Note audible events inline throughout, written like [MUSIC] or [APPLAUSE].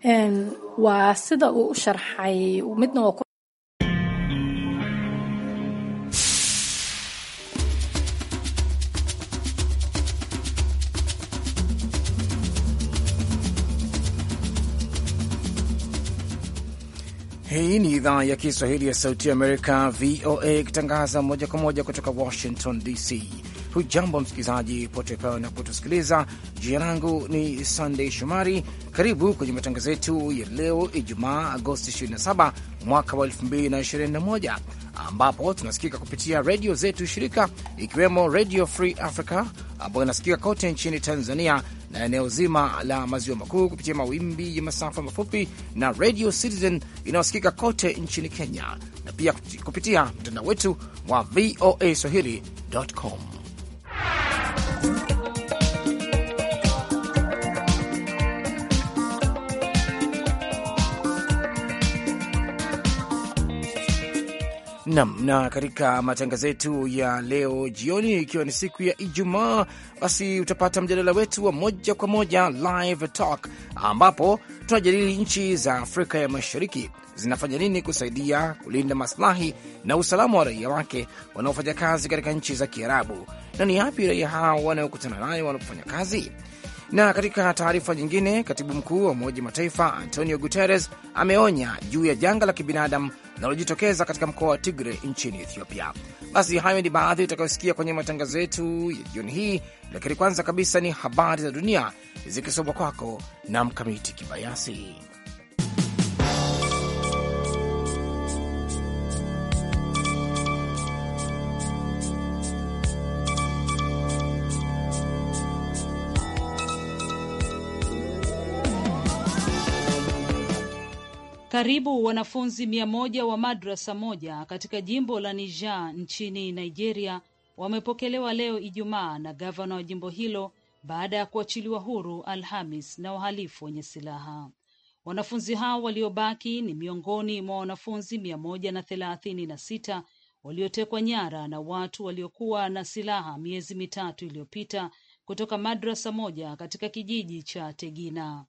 waa sida uu u sharxay midna waa Hii ni idhaa ya Kiswahili ya Sauti ya Amerika, VOA, ikitangaza moja kwa moja kutoka Washington DC. Hujambo msikilizaji pote pao unapotusikiliza. Jina langu ni Sandey Shomari. Karibu kwenye matangazo yetu ya leo Ijumaa, Agosti 27 mwaka wa 2021 ambapo tunasikika kupitia redio zetu shirika ikiwemo redio Free Africa ambayo inasikika kote nchini Tanzania na eneo zima la maziwa makuu kupitia mawimbi ya masafa mafupi na Radio Citizen inayosikika kote nchini Kenya na pia kupitia mtandao wetu wa VOA swahili.com. Bye. Nam na katika matangazo yetu ya leo jioni, ikiwa ni siku ya Ijumaa, basi utapata mjadala wetu wa moja kwa moja live talk, ambapo tunajadili nchi za Afrika ya Mashariki zinafanya nini kusaidia kulinda maslahi na usalama wa raia wake wanaofanya kazi katika nchi za Kiarabu, na ni yapi raia hao wanaokutana nayo wanapofanya kazi. Na katika taarifa nyingine, katibu mkuu wa Umoja Mataifa Antonio Guterres ameonya juu ya janga la kibinadamu linalojitokeza katika mkoa wa Tigre nchini Ethiopia. Basi hayo ni baadhi utakayosikia kwenye matangazo yetu ya jioni hii, lakini kwanza kabisa ni habari za dunia zikisomwa kwako na Mkamiti Kibayasi. Karibu wanafunzi mia moja wa madrasa moja katika jimbo la Niger nchini Nigeria wamepokelewa leo Ijumaa na gavana wa jimbo hilo baada ya kuachiliwa huru Alhamis na wahalifu wenye silaha. Wanafunzi hao waliobaki ni miongoni mwa wanafunzi mia moja na thelathini na sita waliotekwa nyara na watu waliokuwa na silaha miezi mitatu iliyopita kutoka madrasa moja katika kijiji cha Tegina.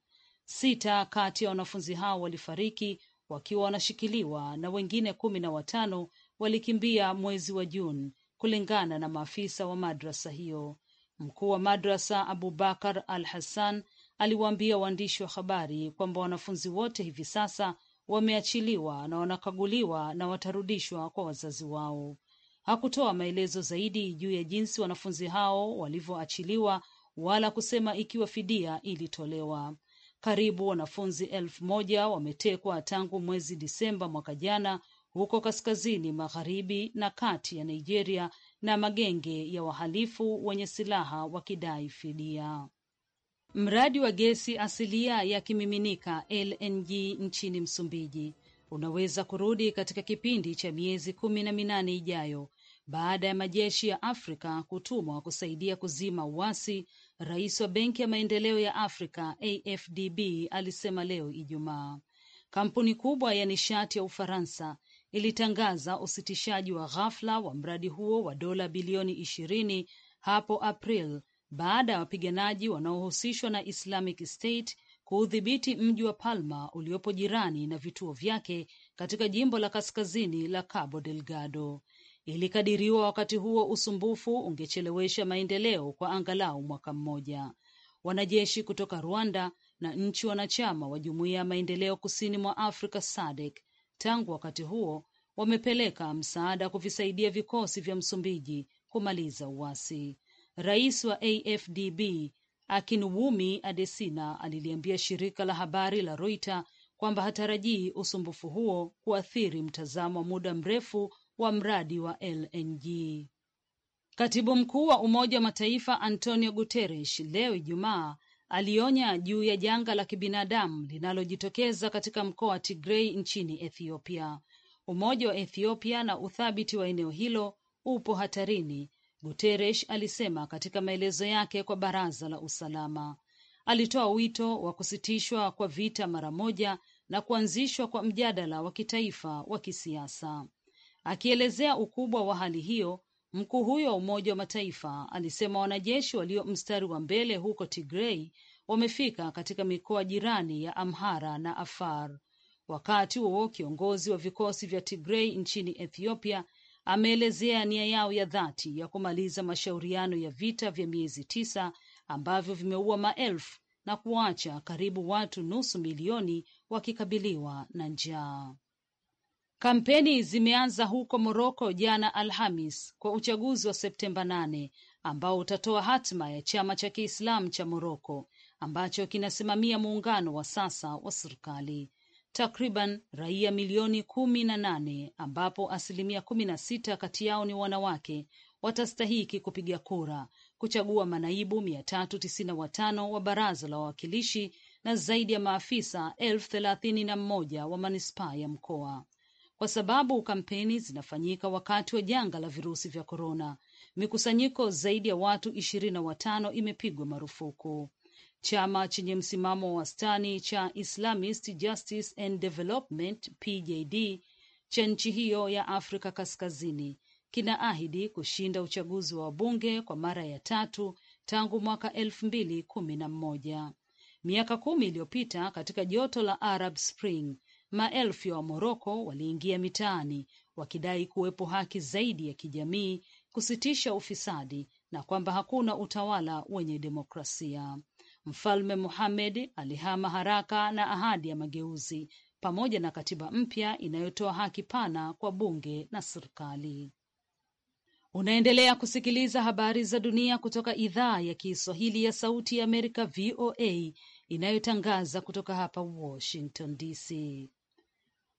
Sita kati ya wanafunzi hao walifariki wakiwa wanashikiliwa na wengine kumi na watano walikimbia mwezi wa Juni, kulingana na maafisa wa madrasa hiyo. Mkuu wa madrasa Abubakar Al Hassan aliwaambia waandishi wa habari kwamba wanafunzi wote hivi sasa wameachiliwa na wanakaguliwa na watarudishwa kwa wazazi wao. Hakutoa maelezo zaidi juu ya jinsi wanafunzi hao walivyoachiliwa wala kusema ikiwa fidia ilitolewa. Karibu wanafunzi elfu moja wametekwa tangu mwezi Disemba mwaka jana huko kaskazini magharibi na kati ya Nigeria na magenge ya wahalifu wenye silaha wakidai fidia. Mradi wa gesi asilia ya kimiminika LNG nchini Msumbiji unaweza kurudi katika kipindi cha miezi kumi na minane ijayo baada ya majeshi ya Afrika kutumwa kusaidia kuzima uasi Rais wa Benki ya Maendeleo ya Afrika AFDB alisema leo Ijumaa. Kampuni kubwa ya nishati ya Ufaransa ilitangaza usitishaji wa ghafla wa mradi huo wa dola bilioni ishirini hapo April baada ya wapiganaji wanaohusishwa na Islamic State kuudhibiti mji wa Palma uliopo jirani na vituo vyake katika jimbo la kaskazini la Cabo Delgado. Ilikadiriwa wakati huo usumbufu ungechelewesha maendeleo kwa angalau mwaka mmoja. Wanajeshi kutoka Rwanda na nchi wanachama wa Jumuiya ya Maendeleo Kusini mwa Afrika SADC tangu wakati huo wamepeleka msaada kuvisaidia vikosi vya Msumbiji kumaliza uasi. Rais wa AFDB Akinwumi Adesina aliliambia shirika la habari la Reuters kwamba hatarajii usumbufu huo kuathiri mtazamo wa muda mrefu wa mradi wa LNG. Katibu Mkuu wa Umoja wa Mataifa Antonio Guterres leo Ijumaa alionya juu ya janga la kibinadamu linalojitokeza katika mkoa wa Tigrei nchini Ethiopia. Umoja wa Ethiopia na uthabiti wa eneo hilo upo hatarini, Guterres alisema katika maelezo yake kwa Baraza la Usalama. Alitoa wito wa kusitishwa kwa vita mara moja na kuanzishwa kwa mjadala wa kitaifa wa kisiasa. Akielezea ukubwa wa hali hiyo, mkuu huyo wa Umoja wa Mataifa alisema wanajeshi walio mstari wa mbele huko tigrei wamefika katika mikoa jirani ya Amhara na Afar. Wakati huo kiongozi wa vikosi vya tigrei nchini Ethiopia ameelezea nia yao ya dhati ya kumaliza mashauriano ya vita vya miezi tisa ambavyo vimeua maelfu na kuacha karibu watu nusu milioni wakikabiliwa na njaa. Kampeni zimeanza huko Moroko jana Alhamis kwa uchaguzi wa Septemba nane ambao utatoa hatima ya chama cha Kiislamu cha Moroko ambacho kinasimamia muungano wa sasa wa serikali. Takriban raia milioni kumi na nane ambapo asilimia kumi na sita kati yao ni wanawake watastahiki kupiga kura kuchagua manaibu mia tatu tisini na watano wa baraza la wawakilishi na zaidi ya maafisa elfu thelathini na mmoja wa manispaa ya mkoa kwa sababu kampeni zinafanyika wakati wa janga la virusi vya korona. Mikusanyiko zaidi ya watu ishirini na watano imepigwa marufuku. Chama chenye msimamo wa wastani cha Islamist Justice and Development PJD cha nchi hiyo ya Afrika Kaskazini kinaahidi kushinda uchaguzi wa wabunge kwa mara ya tatu tangu mwaka elfu mbili kumi na mmoja. Miaka kumi iliyopita katika joto la Arab Spring, Maelfu ya Wamoroko waliingia mitaani wakidai kuwepo haki zaidi ya kijamii, kusitisha ufisadi na kwamba hakuna utawala wenye demokrasia. Mfalme Mohamed alihama haraka na ahadi ya mageuzi pamoja na katiba mpya inayotoa haki pana kwa bunge na serikali. Unaendelea kusikiliza habari za dunia kutoka idhaa ya Kiswahili ya Sauti ya Amerika, VOA, inayotangaza kutoka hapa Washington DC.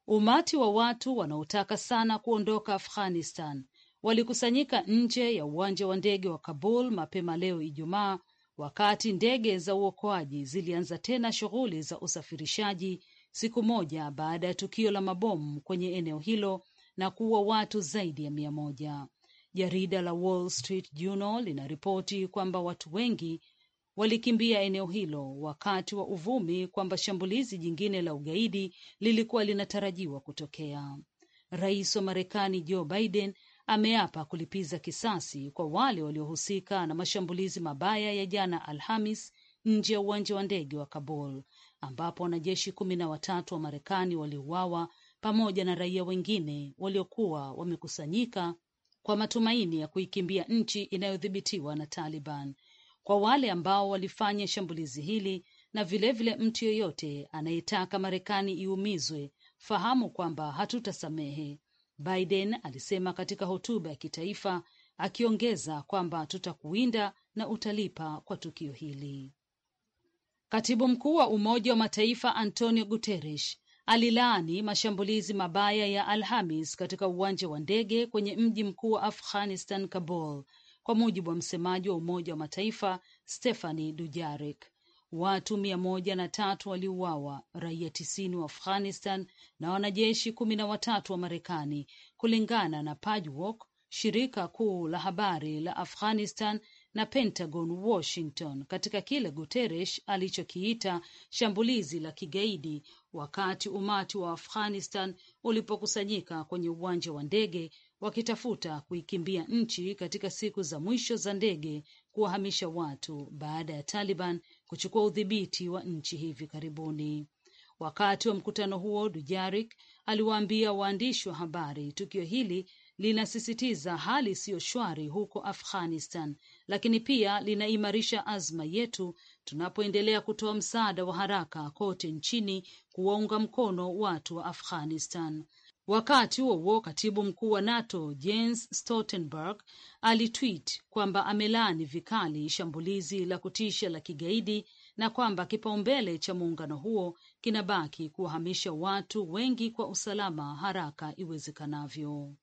Umati wa watu wanaotaka sana kuondoka Afghanistan walikusanyika nje ya uwanja wa ndege wa Kabul mapema leo Ijumaa, wakati ndege za uokoaji zilianza tena shughuli za usafirishaji siku moja baada ya tukio la mabomu kwenye eneo hilo na kuua watu zaidi ya mia moja. Jarida la Wall Street Journal linaripoti kwamba watu wengi walikimbia eneo hilo wakati wa uvumi kwamba shambulizi jingine la ugaidi lilikuwa linatarajiwa kutokea. Rais wa Marekani Joe Biden ameapa kulipiza kisasi kwa wale waliohusika na mashambulizi mabaya ya jana Alhamis nje ya uwanja wa ndege wa Kabul ambapo wanajeshi kumi na watatu wa Marekani waliuawa pamoja na raia wengine waliokuwa wamekusanyika kwa matumaini ya kuikimbia nchi inayodhibitiwa na Taliban kwa wale ambao walifanya shambulizi hili na vilevile mtu yeyote anayetaka Marekani iumizwe, fahamu kwamba hatutasamehe, Biden alisema katika hotuba ya kitaifa, akiongeza kwamba tutakuwinda na utalipa kwa tukio hili. Katibu mkuu wa Umoja wa Mataifa Antonio Guterres alilaani mashambulizi mabaya ya Alhamis katika uwanja wa ndege kwenye mji mkuu wa Afghanistan, Kabul, kwa mujibu wa msemaji wa Umoja wa Mataifa Stephane dujarek Watu mia moja na tatu waliuawa, raia tisini wa Afghanistan na wanajeshi kumi na watatu wa Marekani, kulingana na Pajwok, shirika kuu la habari la Afghanistan na Pentagon Washington, katika kile Guterres alichokiita shambulizi la kigaidi, wakati umati wa Afghanistan ulipokusanyika kwenye uwanja wa ndege wakitafuta kuikimbia nchi katika siku za mwisho za ndege kuwahamisha watu baada ya Taliban kuchukua udhibiti wa nchi hivi karibuni. Wakati wa mkutano huo, Dujarik aliwaambia waandishi wa habari, tukio hili linasisitiza hali isiyo shwari huko Afghanistan, lakini pia linaimarisha azma yetu tunapoendelea kutoa msaada wa haraka kote nchini kuwaunga mkono watu wa Afghanistan. Wakati huo huo, katibu mkuu wa NATO Jens Stoltenberg alitwit kwamba amelaani vikali shambulizi la kutisha la kigaidi na kwamba kipaumbele cha muungano huo kinabaki kuwahamisha watu wengi kwa usalama haraka iwezekanavyo.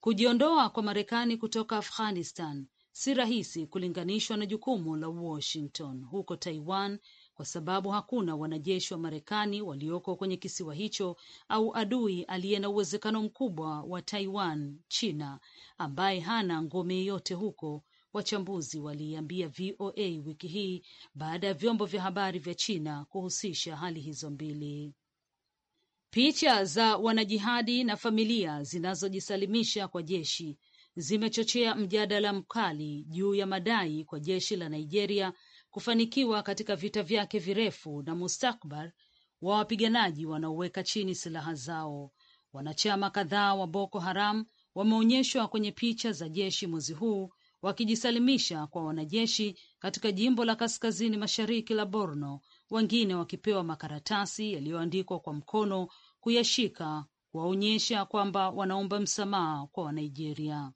Kujiondoa kwa Marekani kutoka Afghanistan si rahisi kulinganishwa na jukumu la Washington huko Taiwan kwa sababu hakuna wanajeshi wa Marekani walioko kwenye kisiwa hicho au adui aliye na uwezekano mkubwa wa Taiwan, China, ambaye hana ngome yeyote huko, wachambuzi waliiambia VOA wiki hii baada ya vyombo vya habari vya China kuhusisha hali hizo mbili. Picha za wanajihadi na familia zinazojisalimisha kwa jeshi zimechochea mjadala mkali juu ya madai kwa jeshi la Nigeria kufanikiwa katika vita vyake virefu na mustakbar wa wapiganaji wanaoweka chini silaha zao. Wanachama kadhaa wa Boko Haram wameonyeshwa kwenye picha za jeshi mwezi huu wakijisalimisha kwa wanajeshi katika jimbo la kaskazini mashariki la Borno, wengine wakipewa makaratasi yaliyoandikwa kwa mkono kuyashika kuwaonyesha kwamba wanaomba msamaha kwa Wanigeria.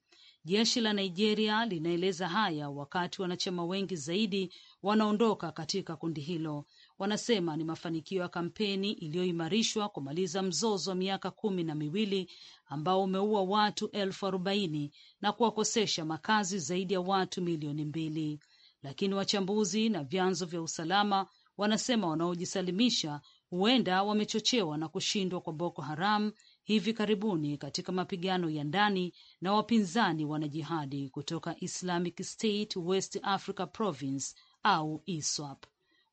Jeshi la Nigeria linaeleza haya wakati wanachama wengi zaidi wanaondoka katika kundi hilo. Wanasema ni mafanikio ya kampeni iliyoimarishwa kumaliza mzozo wa miaka kumi na miwili ambao umeua watu elfu arobaini na kuwakosesha makazi zaidi ya watu milioni mbili, lakini wachambuzi na vyanzo vya usalama wanasema wanaojisalimisha huenda wamechochewa na kushindwa kwa Boko Haram hivi karibuni katika mapigano ya ndani na wapinzani wanajihadi kutoka Islamic State West Africa Province au ISWAP.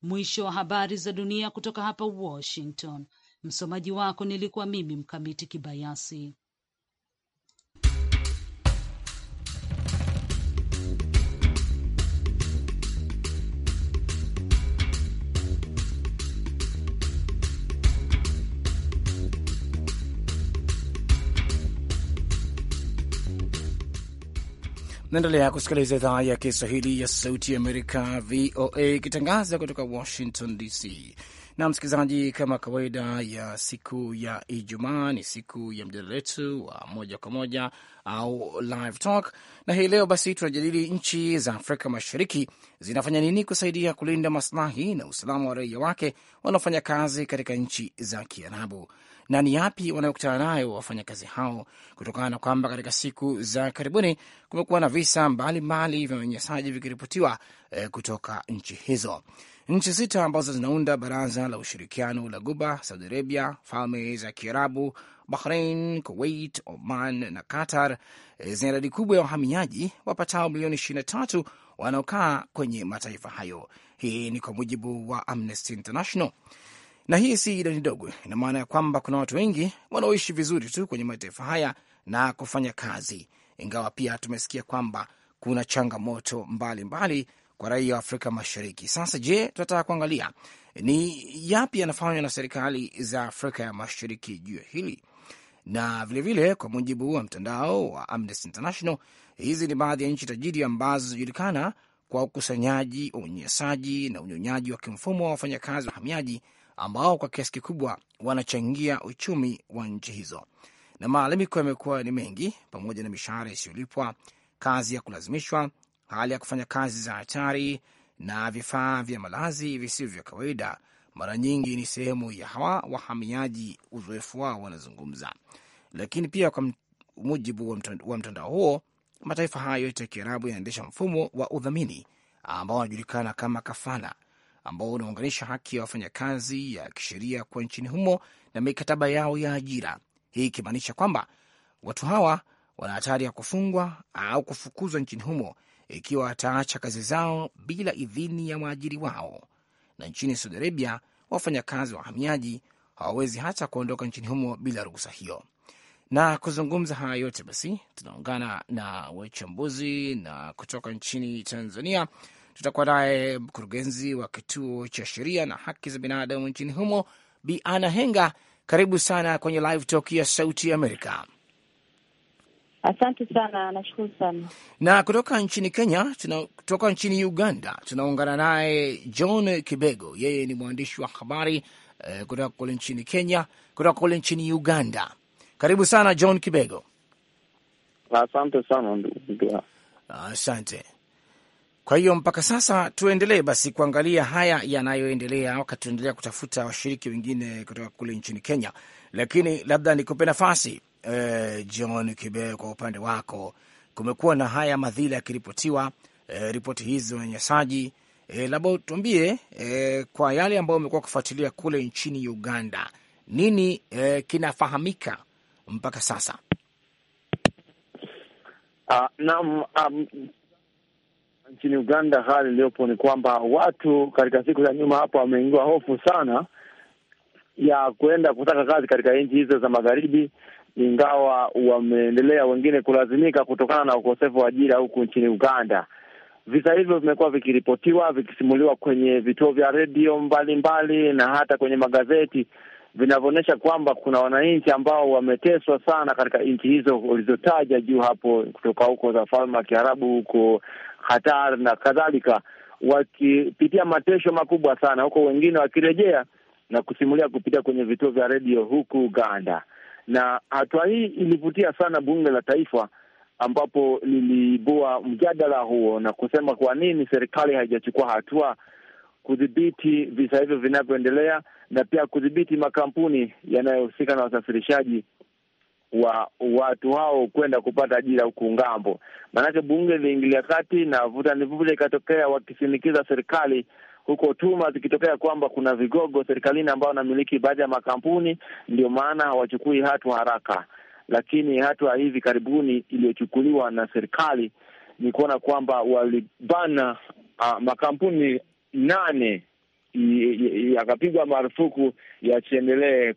Mwisho wa habari za dunia kutoka hapa Washington. Msomaji wako nilikuwa mimi Mkamiti Kibayasi. Naendelea kusikiliza idhaa ya Kiswahili ya Sauti ya Amerika, VOA, ikitangaza kutoka Washington DC. Na msikilizaji, kama kawaida ya siku ya Ijumaa ni siku ya mjadala wetu wa moja kwa moja au live talk, na hii leo basi tunajadili nchi za Afrika Mashariki zinafanya nini kusaidia kulinda maslahi na usalama wa raia wake wanaofanya kazi katika nchi za Kiarabu na ni yapi wanayokutana nayo wafanyakazi hao, kutokana na kwamba katika siku za karibuni kumekuwa na visa mbalimbali vya unyanyasaji vikiripotiwa eh, kutoka nchi hizo. Nchi sita ambazo zinaunda baraza la ushirikiano la Guba: Saudi Arabia, Falme za Kiarabu, Bahrain, Kuwait, Oman na Qatar e, zina idadi kubwa ya wahamiaji wapatao milioni 23 wanaokaa kwenye mataifa hayo. Hii ni kwa mujibu wa Amnesty International na hii si idadi ndogo. Ina maana ya kwamba kuna watu wengi wanaoishi vizuri tu kwenye mataifa haya na kufanya kazi, ingawa pia tumesikia kwamba kuna changamoto mbalimbali mbali kwa raia wa Afrika Mashariki. Sasa je, tunataka kuangalia ni yapi yanafanywa na serikali za Afrika ya Mashariki juu ya hili, na vilevile vile, kwa mujibu wa mtandao wa Amnesty International, hizi ni baadhi ya nchi tajiri ambazo zinajulikana kwa ukusanyaji, unyenyesaji na unyonyaji wa kimfumo wa wafanyakazi wahamiaji ambao kwa kiasi kikubwa wanachangia uchumi wa nchi hizo. Na maalamiko yamekuwa ni mengi, pamoja na mishahara isiyolipwa, kazi ya kulazimishwa, hali ya kufanya kazi za hatari na vifaa vya malazi visivyo vya kawaida. Mara nyingi ni sehemu ya hawa wahamiaji, uzoefu wao wanazungumza. Lakini pia kwa mujibu wa mtandao huo, mataifa hayo yote ya Kiarabu yanaendesha mfumo wa udhamini ambao wanajulikana kama kafala, ambao unaunganisha haki ya wafanyakazi ya kisheria kwa nchini humo na mikataba yao ya ajira, hii ikimaanisha kwamba watu hawa wana hatari ya kufungwa au kufukuzwa nchini humo ikiwa wataacha kazi zao bila idhini ya waajiri wao. Na nchini Saudi Arabia, wafanyakazi wa wahamiaji hawawezi hata kuondoka nchini humo bila ruhusa hiyo. Na kuzungumza haya yote basi, tunaungana na wachambuzi na kutoka nchini Tanzania Tutakuwa naye mkurugenzi wa kituo cha sheria na haki za binadamu nchini humo Bi Ana Henga. Karibu sana kwenye Live Talk ya Sauti Amerika. Asante sana, nashukuru sana. Na kutoka nchini Kenya tuna, kutoka nchini Uganda tunaungana naye John Kibego, yeye ni mwandishi wa habari eh, kutoka kule nchini Kenya, kutoka kule nchini Uganda. Karibu sana John Kibego. Asante sana ndugu. Asante. Kwa hiyo mpaka sasa tuendelee basi kuangalia haya yanayoendelea, wakati tunaendelea kutafuta washiriki wengine kutoka kule nchini Kenya. Lakini labda nikupe nafasi eh, John Kibe, kwa upande wako kumekuwa na haya madhila yakiripotiwa, eh, ripoti hizi za unyanyasaji E, labda tuambie e, eh, kwa yale ambayo umekuwa kufuatilia kule nchini Uganda, nini e, kinafahamika mpaka sasa? Uh, naam, um, nchini Uganda hali iliyopo ni kwamba watu katika siku za nyuma hapo wameingiwa hofu sana ya kuenda kutaka kazi katika nchi hizo za magharibi, ingawa wameendelea wengine kulazimika kutokana na ukosefu wa ajira huku nchini Uganda. Visa hivyo vimekuwa vikiripotiwa, vikisimuliwa kwenye vituo vya redio mbalimbali na hata kwenye magazeti vinavyoonyesha kwamba kuna wananchi ambao wameteswa sana katika nchi hizo ulizotaja juu hapo, kutoka huko za falme ya Kiarabu huko Hatar na kadhalika, wakipitia matesho makubwa sana huko, wengine wakirejea na kusimulia kupitia kwenye vituo vya redio huku Uganda. Na hatua hii ilivutia sana bunge la taifa, ambapo liliibua mjadala huo na kusema kwa nini serikali haijachukua hatua kudhibiti visa hivyo vinavyoendelea na pia kudhibiti makampuni yanayohusika na usafirishaji wa watu hao kwenda kupata ajira huku ngambo. Maanake bunge liingilia kati na vuta nivuvute ikatokea, wakishinikiza serikali huko, tuma zikitokea kwamba kuna vigogo serikalini ambao wanamiliki baadhi ya makampuni, ndio maana hawachukui hatua haraka. Lakini hatua hivi karibuni iliyochukuliwa na serikali ni kuona kwamba walibana uh, makampuni nane yakapigwa marufuku yasiendelee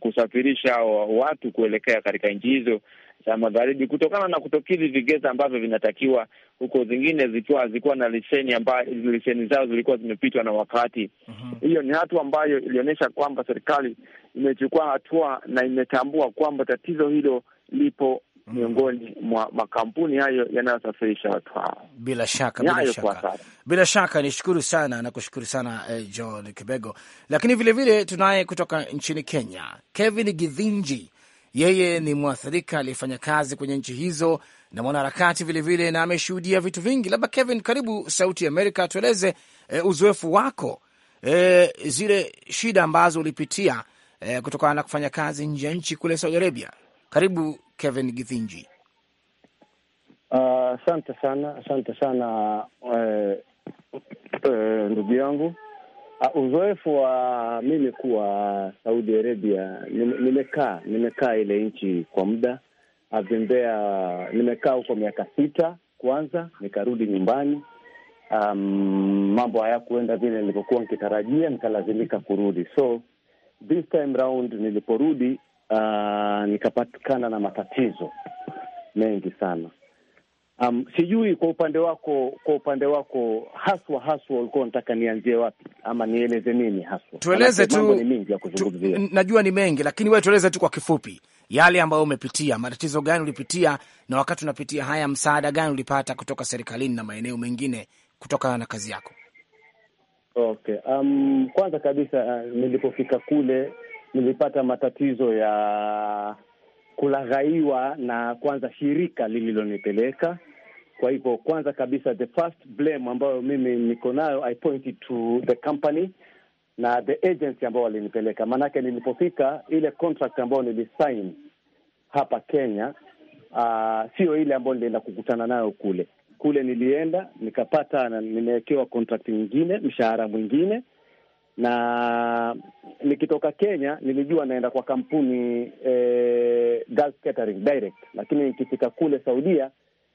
kusafirisha watu kuelekea katika nchi hizo za magharibi kutokana na kutokidhi vigezo ambavyo vinatakiwa huko, zingine zikiwa hazikuwa na leseni ambayo leseni zao zilikuwa zimepitwa na wakati. Mhm. Hiyo ni hatua ambayo ilionyesha kwamba serikali imechukua hatua na imetambua kwamba tatizo hilo lipo miongoni mwa makampuni hayo yanayosafirisha watu hao. Bila shaka, bila shaka, bila shaka nishukuru sana na kushukuru sana eh, John Kibego. Lakini vilevile tunaye kutoka nchini Kenya Kevin Githinji, yeye ni mwathirika aliyefanya kazi kwenye nchi hizo na mwanaharakati vilevile, na ameshuhudia vitu vingi. Labda Kevin, karibu Sauti ya Amerika, tueleze eh, uzoefu wako eh, zile shida ambazo ulipitia eh, kutokana na kufanya kazi nje ya nchi kule Saudi Arabia. Karibu Kevin Githinji. Ah, asante uh, sana asante sana uh, uh, ndugu yangu uh, uzoefu wa mimi kuwa Saudi Arabia, nimekaa nimekaa ile nchi kwa muda avimbea nimekaa huko miaka sita kwanza, nikarudi nyumbani. Um, mambo hayakuenda vile nilivyokuwa nikitarajia, nikalazimika kurudi. So this time round niliporudi, uh, nikapatikana na matatizo mengi sana. Um, sijui kwa upande wako, kwa upande wako haswa haswa ulikuwa unataka nianzie wapi ama nieleze nini haswa? Tueleze tu, ni ya kuzungumzia, najua ni mengi, lakini wewe tueleze tu kwa kifupi yale ambayo umepitia, matatizo gani ulipitia, na wakati unapitia haya msaada gani ulipata kutoka serikalini na maeneo mengine kutokana na kazi yako? Okay, um, kwanza kabisa uh, nilipofika kule nilipata matatizo ya kulaghaiwa na kwanza shirika lililonipeleka. Kwa hivyo kwanza kabisa, the first blame ambayo mimi niko nayo I pointed to the company na the agency ambao walinipeleka, maanake nilipofika ile contract ambayo nilisign hapa Kenya uh, sio ile ambayo nilienda kukutana nayo kule. Kule nilienda nikapata, nimewekewa contract nyingine, mshahara mwingine na nikitoka Kenya nilijua naenda kwa kampuni eh, Catering Direct, lakini nikifika kule Saudia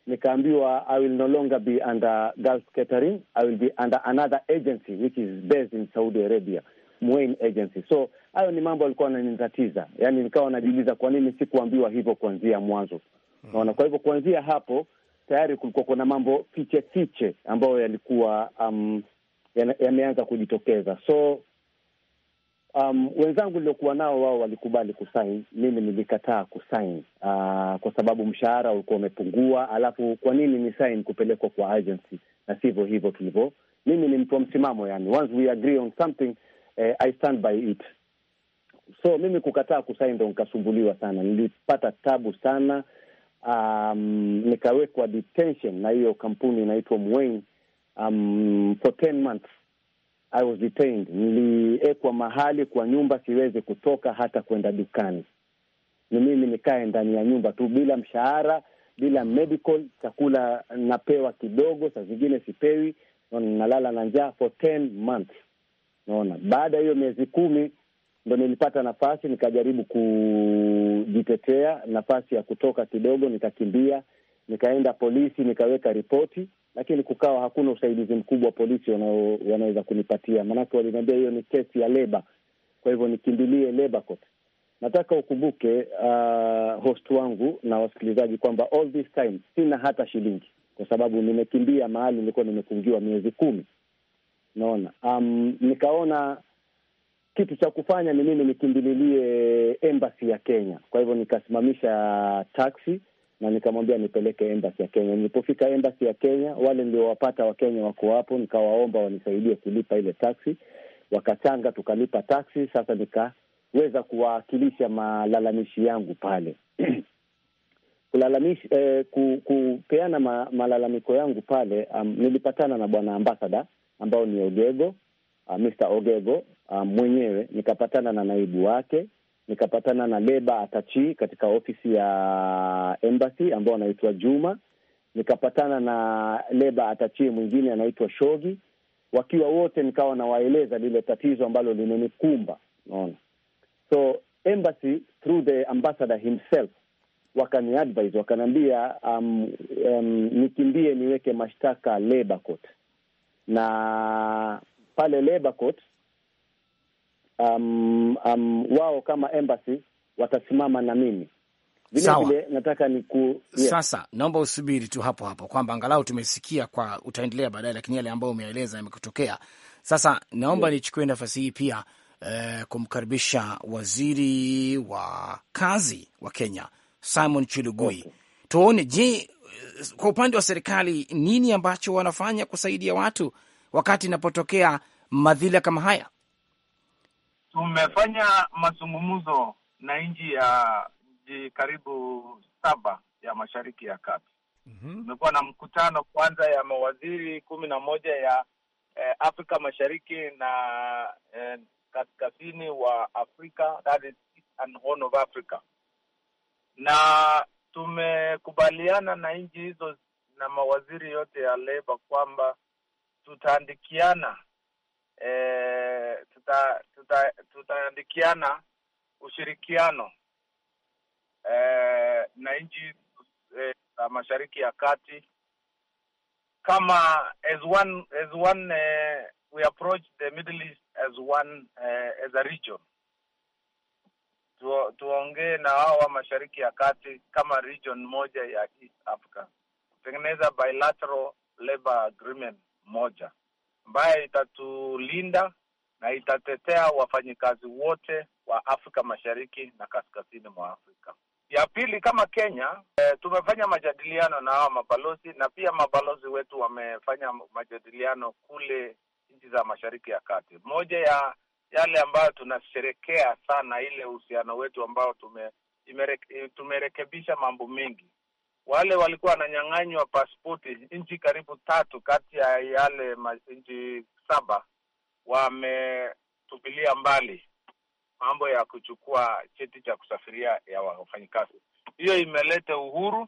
nikaambiwa I will no longer be under Catering, I will be under another agency which is based in Saudi Arabia, Agency. So hayo ni mambo alikuwa nanitatiza yani nikawa najiuliza kwa nini sikuambiwa hivyo kuanzia mwanzo. Naona mm -hmm. Kwa hivyo kuanzia hapo tayari kulikuwa kuna mambo fiche fiche ambayo yalikuwa um, yameanza kujitokeza. So um, wenzangu niliokuwa nao wao walikubali kusain, mimi nilikataa kusain uh, kwa sababu mshahara ulikuwa umepungua, alafu kwa nini ni sain kupelekwa kwa agency na sivyo hivyo tulivyo. Mimi ni mtu wa msimamo, yani once we agree on something eh, I stand by it. So mimi kukataa kusain ndo nikasumbuliwa sana, nilipata tabu sana um, nikawekwa detention na hiyo kampuni inaitwa Mwengi um, for ten months I was detained, niliekwa mahali kwa nyumba, siwezi kutoka hata kwenda dukani, ni mimi nikae ndani ya nyumba tu, bila mshahara, bila medical, chakula napewa kidogo, saa zingine sipewi, nalala na njaa for 10 months. Naona baada ya hiyo miezi kumi ndo nilipata nafasi nikajaribu kujitetea, nafasi ya kutoka kidogo, nikakimbia, nikaenda polisi, nikaweka ripoti lakini kukawa hakuna usaidizi mkubwa wa polisi wanaweza kunipatia, maanake waliniambia hiyo ni kesi ya leba, kwa hivyo nikimbilie leba court. Nataka ukumbuke uh, host wangu na wasikilizaji kwamba all this time sina hata shilingi, kwa sababu nimekimbia mahali nilikuwa nimefungiwa miezi kumi. Naona um, nikaona kitu cha kufanya ni mimi nikimbililie embassy ya Kenya. Kwa hivyo nikasimamisha taxi na nikamwambia nipeleke embassy ya Kenya. Nilipofika embassy ya Kenya, wale niliowapata Wakenya wako hapo, nikawaomba wanisaidie kulipa ile taksi, wakachanga, tukalipa taksi. Sasa nikaweza kuwawakilisha malalamishi yangu pale [CLEARS THROAT] kulalamishi eh, ku, kupeana ma, malalamiko yangu pale. Um, nilipatana na bwana ambasada ambao ni Ogego, uh, Mr. Ogego uh, mwenyewe nikapatana na naibu wake nikapatana na leba atachi katika ofisi ya embassy ambao anaitwa Juma. Nikapatana na leba atachi mwingine anaitwa Shogi. Wakiwa wote nikawa nawaeleza lile tatizo ambalo limenikumba, naona So embassy through the ambassador himself wakaniadvise, wakaniambia um, um, nikimbie niweke mashtaka labor court, na pale court um, um, wao kama embassy watasimama na mimi vilevile nataka ni ku... yeah. Sasa naomba usubiri tu hapo hapo kwamba angalau tumesikia kwa utaendelea baadaye, lakini yale ambayo umeeleza yamekutokea. Sasa naomba yeah. nichukue nafasi hii pia eh, kumkaribisha waziri wa kazi wa Kenya Simon Chilugui okay. Tuone je, kwa upande wa serikali nini ambacho wanafanya kusaidia watu wakati inapotokea madhila kama haya? Tumefanya mazungumzo na nchi ya nchi karibu saba ya Mashariki ya Kati. Tumekuwa mhm. mm -hmm. na mkutano kwanza ya mawaziri kumi na moja ya eh, Afrika Mashariki na eh, kaskazini wa Afrika, that is and Horn of Africa, na tumekubaliana na nchi hizo na mawaziri yote ya leba kwamba tutaandikiana eh, tuta, tuta, tutaandikiana ushirikiano eh, na nchi eh, za eh, Mashariki ya Kati kama as one as one eh, we approach the Middle East as one eh, as a region tu, tuongee na hao wa Mashariki ya Kati kama region moja ya East Africa, kutengeneza bilateral labor agreement moja ambayo itatulinda na itatetea wafanyikazi wote wa Afrika Mashariki na kaskazini mwa Afrika. Ya pili, kama Kenya e, tumefanya majadiliano na hawa mabalozi na pia mabalozi wetu wamefanya majadiliano kule nchi za Mashariki ya Kati. Moja ya yale ambayo tunasherekea sana ile uhusiano wetu ambao tume, imere, tumerekebisha mambo mengi wale walikuwa wananyang'anywa pasipoti, nchi karibu tatu kati ya yale nchi saba wametupilia mbali mambo ya kuchukua cheti cha kusafiria ya wafanyikazi. Hiyo imeleta uhuru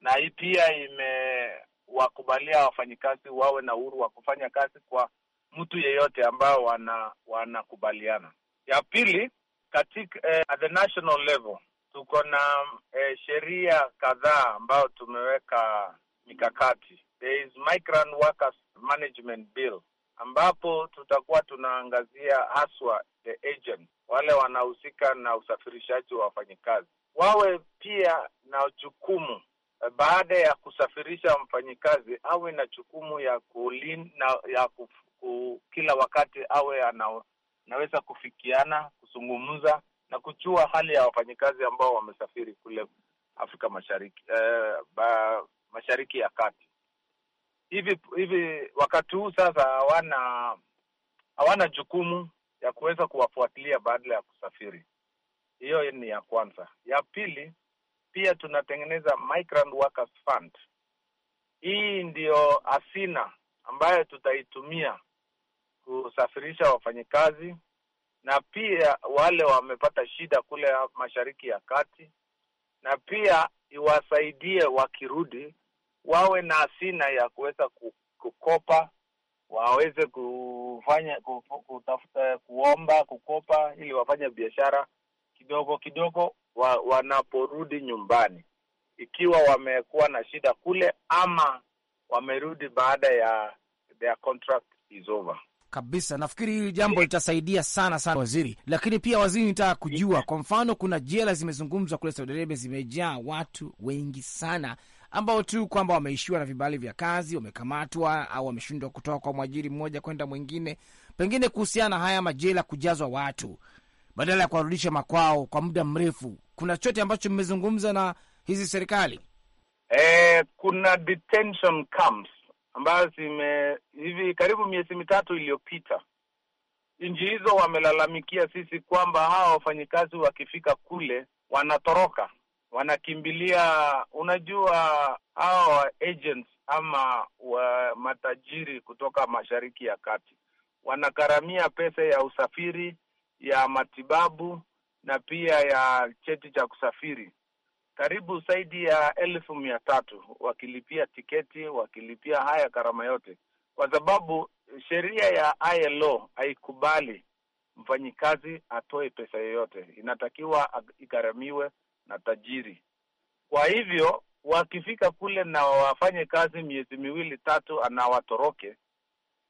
na hii pia imewakubalia wafanyikazi wawe na uhuru wa kufanya kazi kwa mtu yeyote ambao wanakubaliana. Wana ya pili katika, eh, at the national level tuko na e, sheria kadhaa ambayo tumeweka mikakati. There is Migrant Workers Management Bill ambapo tutakuwa tunaangazia haswa the agent, wale wanahusika na usafirishaji wa wafanyikazi, wawe pia na jukumu eh, baada ya kusafirisha mfanyikazi awe na jukumu ya kulinda ya kufu, kila wakati awe anaweza kufikiana, kuzungumza na kujua hali ya wafanyikazi ambao wamesafiri kule Afrika Mashariki eh, ba, Mashariki ya Kati. Hivi hivi wakati huu sasa hawana hawana jukumu ya kuweza kuwafuatilia baada ya kusafiri. Hiyo ni ya kwanza. Ya pili, pia tunatengeneza Migrant Workers Fund. Hii ndiyo asina ambayo tutaitumia kusafirisha wafanyikazi na pia wale wamepata shida kule Mashariki ya Kati, na pia iwasaidie wakirudi wawe na asina ya kuweza kukopa, waweze kufanya kutafuta, kuomba, kukopa ili wafanye biashara kidogo kidogo wa, wanaporudi nyumbani, ikiwa wamekuwa na shida kule ama wamerudi baada ya their contract is over kabisa. Nafikiri hili jambo litasaidia sana sana waziri, lakini pia waziri, nitaka kujua kwa mfano, kuna jela zimezungumzwa kule Saudi Arabia, zimejaa watu wengi sana ambao tu kwamba wameishiwa na vibali vya kazi, wamekamatwa au wameshindwa kutoka kwa mwajiri mmoja kwenda mwingine. Pengine kuhusiana na haya majela kujazwa watu badala ya kuwarudisha makwao kwa muda mrefu, kuna chote ambacho mmezungumza na hizi serikali? Eh, kuna detention camps ambayo zime hivi karibu miezi mitatu iliyopita, nchi hizo wamelalamikia sisi kwamba hawa wafanyikazi wakifika kule wanatoroka, wanakimbilia. Unajua hawa agents ama wa matajiri kutoka Mashariki ya Kati wanagharamia pesa ya usafiri, ya matibabu na pia ya cheti cha kusafiri karibu zaidi ya elfu mia tatu wakilipia tiketi, wakilipia haya gharama yote, kwa sababu sheria ya ILO haikubali mfanyikazi atoe pesa yoyote, inatakiwa igharamiwe na tajiri. Kwa hivyo wakifika kule na wafanye kazi miezi miwili tatu, anawatoroke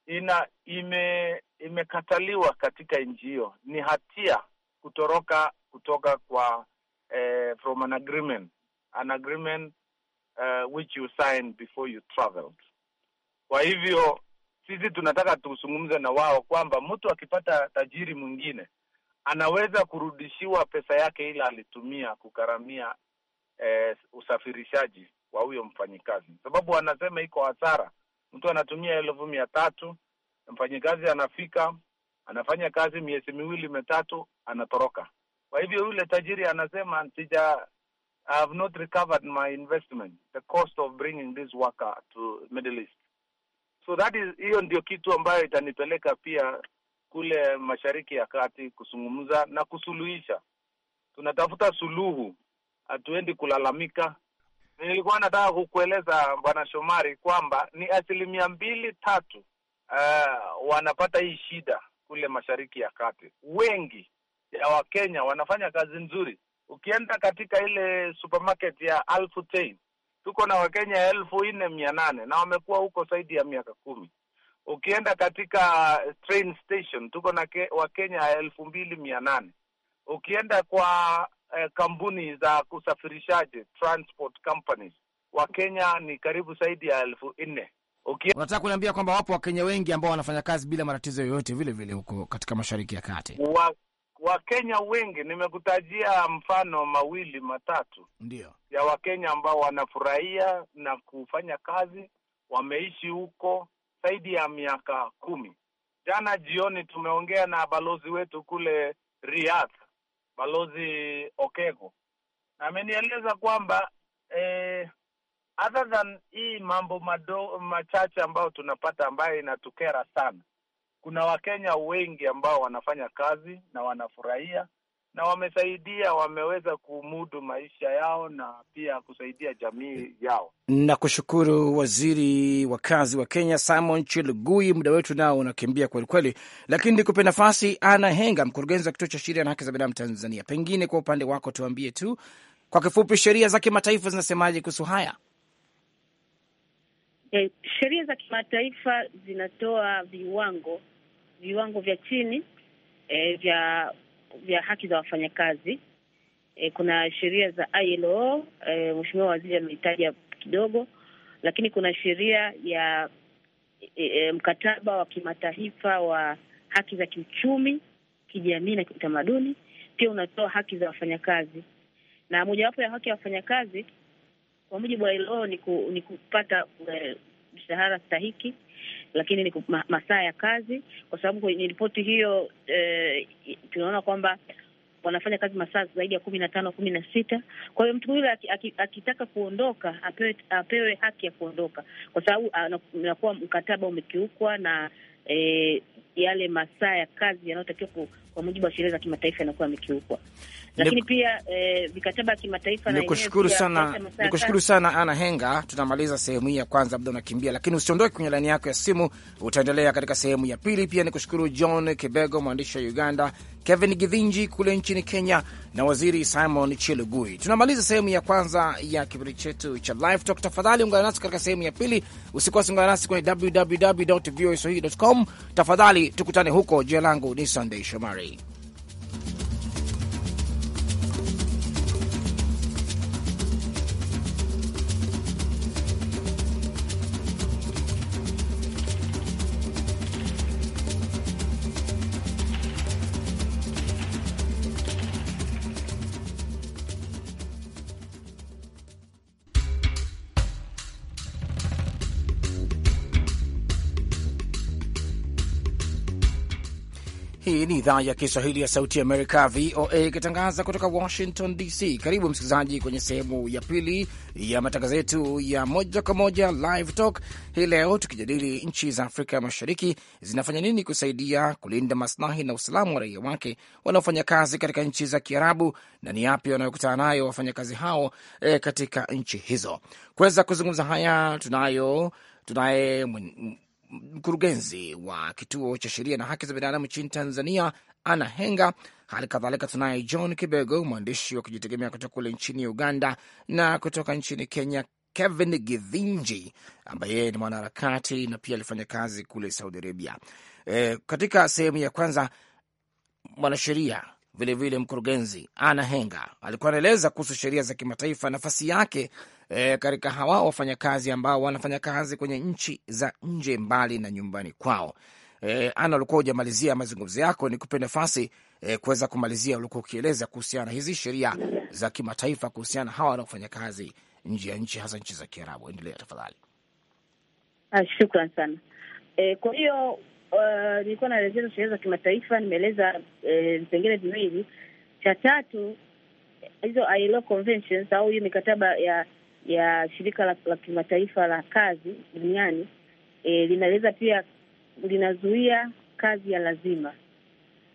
ina- ime- imekataliwa katika nchi hiyo. Ni hatia kutoroka kutoka kwa uh, from an agreement, an agreement uh, which you sign before you traveled. Kwa hivyo sisi tunataka tuzungumze na wao kwamba mtu akipata tajiri mwingine anaweza kurudishiwa pesa yake ile alitumia kukaramia eh, usafirishaji wa huyo mfanyikazi, sababu anasema iko hasara. Mtu anatumia elfu mia tatu, mfanyikazi anafika anafanya kazi miezi miwili mitatu, anatoroka. Kwa hivyo yule tajiri anasema sija, I have not recovered my investment, the cost of bringing this worker to Middle East. So that is, hiyo ndio kitu ambayo itanipeleka pia kule Mashariki ya Kati kuzungumza na kusuluhisha. Tunatafuta suluhu, hatuendi kulalamika. Nilikuwa nataka kukueleza Bwana Shomari kwamba ni asilimia mbili tatu, uh, wanapata hii shida kule Mashariki ya Kati, wengi ya Wakenya wanafanya kazi nzuri. Ukienda katika ile supermarket ya Alfutain tuko na Wakenya elfu nne mia nane na wamekuwa huko zaidi ya miaka kumi. Ukienda katika eh, train station tuko na Wakenya elfu mbili mia nane. Ukienda kwa eh, kampuni za kusafirishaji transport companies Wakenya ni karibu zaidi ya elfu nne. Okay. Unataka kuniambia kwamba wapo Wakenya wengi ambao wanafanya kazi bila matatizo yoyote vile vile huko katika Mashariki ya Kati? Wa, Wakenya wengi nimekutajia mfano mawili matatu, ndio ya Wakenya ambao wanafurahia na kufanya kazi, wameishi huko zaidi ya miaka kumi. Jana jioni tumeongea na balozi wetu kule Riyadh, Balozi Okego, na amenieleza kwamba eh, other than hii mambo mado, machache ambayo tunapata ambayo inatukera sana kuna Wakenya wengi ambao wanafanya kazi na wanafurahia na wamesaidia, wameweza kumudu maisha yao na pia kusaidia jamii yao. Nakushukuru waziri wa kazi wa Kenya Simon Chelugui. Muda wetu nao unakimbia kwelikweli, lakini nikupe nafasi Ana Henga, mkurugenzi wa kituo cha sheria na haki za binadamu Tanzania. Pengine kwa upande wako tuambie tu kwa kifupi, sheria za kimataifa zinasemaje kuhusu haya? E, sheria za kimataifa zinatoa viwango viwango vya chini e, vya vya haki za wafanyakazi e, kuna sheria za ILO e, eh, Mheshimiwa Waziri ameitaja kidogo, lakini kuna sheria ya e, e, mkataba wa kimataifa wa haki za kiuchumi, kijamii na kiutamaduni, pia unatoa haki za wafanyakazi, na mojawapo ya haki ya wafanyakazi kwa mujibu wa ILO ni, ku, ni kupata mshahara stahiki lakini ni masaa ya kazi, kwa sababu kwenye ripoti hiyo eh, tunaona kwamba wanafanya kazi masaa zaidi ya kumi na tano kumi na sita Kwa hiyo mtu yule akitaka kuondoka apewe, apewe haki ya kuondoka, kwa sababu inakuwa mkataba umekiukwa na e, yale masaa ya kazi yanayotakiwa kwa mujibu wa sheria za kimataifa yanakuwa yamekiukwa lakini pia eh, ya kimataifa. Nikushukuru sana, nikushukuru sana Ana Henga. Tunamaliza sehemu hii ya kwanza, labda unakimbia, lakini usiondoke kwenye laini yako ya simu, utaendelea katika sehemu ya pili. Pia nikushukuru John Kibego, mwandishi wa Uganda, Kevin Githinji kule nchini Kenya na waziri Simon Chelugui. Tunamaliza sehemu ya kwanza ya kipindi chetu cha Live Talk. Tafadhali ungana nasi katika sehemu ya pili, usikose, ungana nasi kwenye www voaswahili com. Tafadhali tukutane huko. Jina langu ni Sandey Shomari. Hii ni idhaa ya Kiswahili ya Sauti ya Amerika, VOA, ikitangaza kutoka Washington DC. Karibu msikilizaji kwenye sehemu ya pili ya matangazo yetu ya moja kwa moja, Live Talk, hii leo tukijadili nchi za Afrika Mashariki zinafanya nini kusaidia kulinda maslahi na usalama wa raia wake wanaofanya kazi katika nchi za Kiarabu, na ni yapi wanayokutana nayo wafanyakazi hao e, katika nchi hizo. Kuweza kuzungumza haya tunayo tunaye mkurugenzi wa kituo cha sheria na haki za binadamu nchini Tanzania, Ana Henga. Hali kadhalika tunaye John Kibego, mwandishi wa kujitegemea kutoka kule nchini Uganda, na kutoka nchini Kenya Kevin Githinji ambaye yeye ni mwanaharakati na pia alifanya kazi kule Saudi Arabia. E, katika sehemu ya kwanza mwanasheria vilevile mkurugenzi Ana Henga alikuwa anaeleza kuhusu sheria za kimataifa, nafasi yake e, katika hawa wafanyakazi ambao wanafanya kazi kwenye nchi za nje mbali na nyumbani kwao. E, Ana, ulikuwa hujamalizia mazungumzo yako, ni kupe nafasi e, kuweza kumalizia ulikuwa ukieleza kuhusiana na hizi sheria za kimataifa kuhusiana na hawa wanaofanya kazi nje ya nchi hasa nchi za Kiarabu. Endelea tafadhali. Ah, shukran sana. E, kwa hiyo uh, nilikuwa naelezea sheria za kimataifa, nimeeleza e, vipengele viwili. Cha tatu hizo ILO conventions au hiyo mikataba ya ya shirika la, la kimataifa la kazi duniani e, linaeleza pia linazuia kazi ya lazima.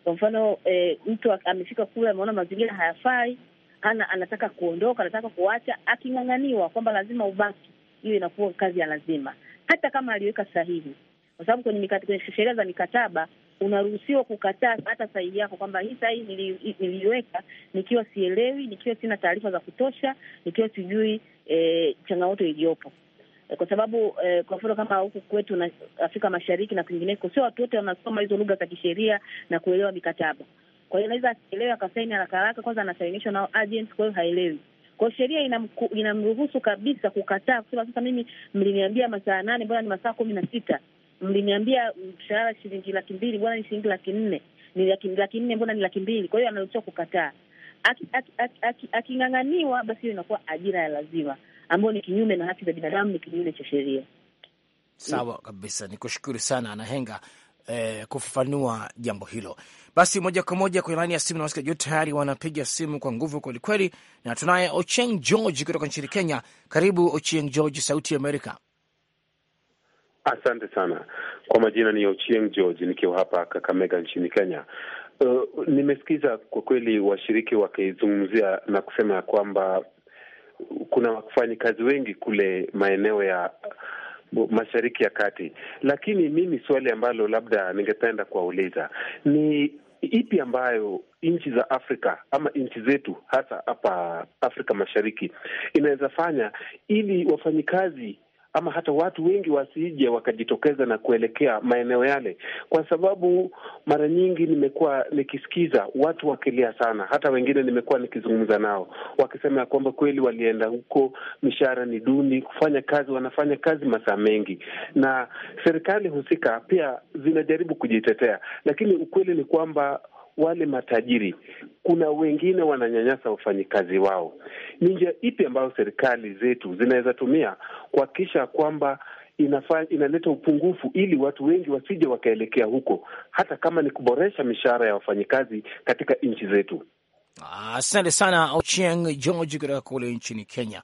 Kwa mfano e, mtu amefika kule, ameona mazingira hayafai, ana anataka kuondoka, anataka kuacha, aking'ang'aniwa kwamba lazima ubaki, hiyo inakuwa kazi ya lazima, hata kama aliweka sahihi, kwa sababu kwenye sheria za mikataba unaruhusiwa kukataa hata sahihi yako kwamba hii sahihi nili, niliweka nikiwa sielewi, nikiwa sina taarifa za kutosha, nikiwa sijui e, changamoto iliyopo e, kwa sababu eh, kwa mfano kama huku kwetu na Afrika Mashariki na kwingineko, sio watu wote wanasoma hizo lugha za kisheria na kuelewa mikataba. Kwa hiyo anaweza asielewe akasaini haraka haraka, kwanza anasainishwa nao agent, kwa hiyo haelewi. Kwa hiyo sheria inamku, inamruhusu kabisa kukataa kusema, sasa mimi mliniambia masaa nane, mbona ni masaa kumi na sita? mliniambia mshahara shilingi laki mbili, bwana ni shilingi laki nne, ni laki, laki nne, mbona ni laki mbili? Kwa hiyo anaruhusiwa kukataa. Aking'ang'aniwa aki, aki, aki basi hiyo inakuwa ajira ya lazima ambayo ni kinyume na haki za binadamu, ni kinyume cha sheria. Sawa kabisa, nikushukuru sana Anahenga eh, kufafanua jambo hilo. Basi moja kwa moja kwenye laini ya simu na wasikia tayari wanapiga simu kwa nguvu kwelikweli, na tunaye Ochieng George kutoka nchini Kenya. Karibu Ochieng George, Sauti ya Amerika. Asante sana. Kwa majina ni Ochieng George nikiwa hapa Kakamega nchini Kenya. Uh, nimesikiza kwa kweli washiriki wakizungumzia na kusema ya kwamba kuna wafanyikazi wengi kule maeneo ya Mashariki ya Kati, lakini mimi swali ambalo labda ningependa kuwauliza ni ipi ambayo nchi za Afrika ama nchi zetu hasa hapa Afrika Mashariki inaweza fanya ili wafanyikazi ama hata watu wengi wasije wakajitokeza na kuelekea maeneo yale, kwa sababu mara nyingi nimekuwa nikisikiza watu wakilia sana, hata wengine nimekuwa nikizungumza nao wakisema ya kwamba kweli walienda huko, mishahara ni duni, kufanya kazi, wanafanya kazi masaa mengi, na serikali husika pia zinajaribu kujitetea, lakini ukweli ni kwamba wale matajiri, kuna wengine wananyanyasa wafanyikazi wao. Ni njia ipi ambayo serikali zetu zinaweza tumia kuhakikisha kwamba inafanya inaleta upungufu ili watu wengi wasije wakaelekea huko, hata kama ni kuboresha mishahara ya wafanyikazi katika nchi zetu. Asante ah, sana Ochieng George kutoka kule nchini Kenya.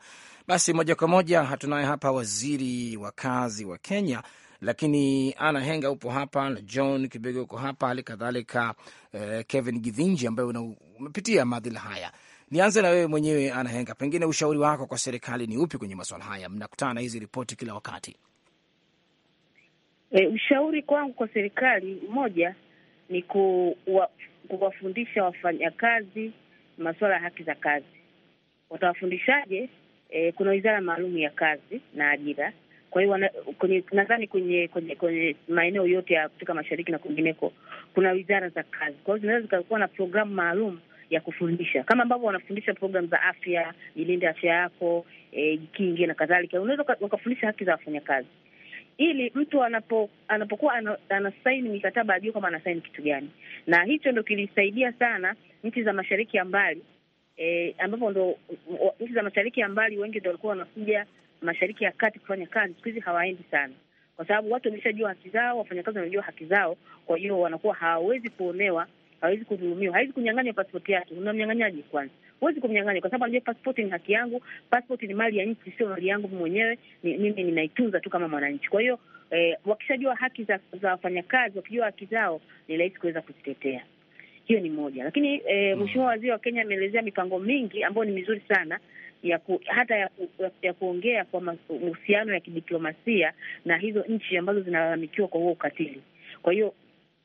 Basi moja kwa moja hatunaye hapa waziri wa kazi wa Kenya lakini Ana Henga upo hapa na John Kibego uko hapa, hali kadhalika eh, Kevin Githinji ambaye umepitia madhila haya. Nianze na wewe mwenyewe Ana Henga, pengine ushauri wako kwa serikali ni upi kwenye maswala haya? Mnakutana na hizi ripoti kila wakati. E, ushauri kwangu kwa serikali, moja ni kuwa, kuwafundisha wafanyakazi masuala ya haki za kazi. Watawafundishaje? E, kuna wizara maalum ya kazi na ajira kwa hiyo nadhani kwenye kwenye kwenye maeneo yote ya Afrika Mashariki na kwingineko kuna wizara za kazi, kwa hiyo zinaweza zikakuwa na programu maalum ya kufundisha kama ambavyo wanafundisha programu za afya, jilinde afya yako, e, na kadhalika. Unaweza wakafundisha haki za wafanyakazi ili mtu anapo, anapokuwa anasaini mikataba ajue kama anasaini kitu gani, na hicho ndo kilisaidia sana nchi za mashariki ya mbali e, ambapo ndo nchi za mashariki ya mbali wengi ndo walikuwa wanakuja Mashariki ya Kati kufanya kazi siku hizi hawaendi sana, kwa sababu watu wameshajua haki zao, wafanyakazi wanajua haki zao. Kwa hiyo wanakuwa hawawezi kuonewa, hawezi kudhulumiwa, hawezi kunyang'anywa pasipoti yake. Unamnyang'anyaje kwanza? Huwezi kumnyang'anya kwa sababu anajua pasipoti ni haki yangu, pasipoti ni mali ya nchi, sio mali yangu mwenyewe. mimi ninaitunza tu kama mwananchi. Kwa hiyo eh, wakishajua haki za, za wafanyakazi, wakijua haki zao, ni rahisi kuweza kuzitetea. Hiyo ni moja, lakini eh, mm. mheshimiwa waziri wa Kenya ameelezea mipango mingi ambayo ni mizuri sana ya ku, hata ya, ku, ya kuongea kwa mahusiano ya kidiplomasia na hizo nchi ambazo zinalalamikiwa kwa huo ukatili. Kwa hiyo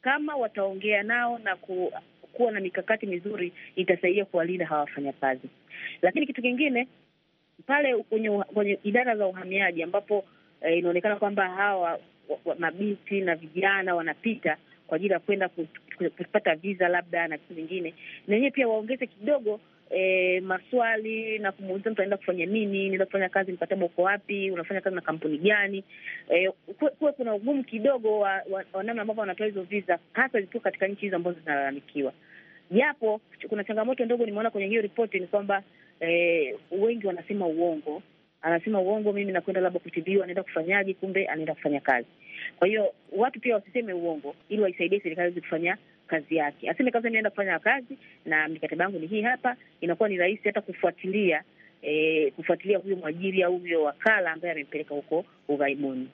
kama wataongea nao na ku, kuwa na mikakati mizuri itasaidia kuwalinda hawa wafanyakazi. Lakini kitu kingine pale kwenye, kwenye idara za uhamiaji ambapo eh, inaonekana kwamba hawa mabinti na vijana wanapita kwa ajili ya kwenda kupata visa labda na vitu vingine, na wenyewe pia waongeze kidogo e, maswali na kumuuliza mtu anaenda kufanya nini, naenda kufanya kazi, mkataba uko wapi, unafanya kazi na kampuni gani. E, kuwe kuna ugumu kidogo wa, wa, wa namna ambavyo wanatoa hizo visa, hasa zikiwa katika nchi hizo ambazo zinalalamikiwa, japo kuna changamoto ndogo nimeona kwenye hiyo ripoti ni kwamba e, wengi wanasema uongo anasema uongo, mimi nakwenda labda kutibiwa, anaenda kufanyaje? Kumbe anaenda kufanya kazi. Kwa hiyo watu pia wasiseme uongo, ili waisaidie serikali kufanya kazi yake, aseme kwanza nienda kufanya kazi na mikataba yangu ni hii hapa, inakuwa ni rahisi hata kufuatilia e, kufuatilia huyo mwajiri au huyo wakala ambaye amempeleka huko ughaibuni.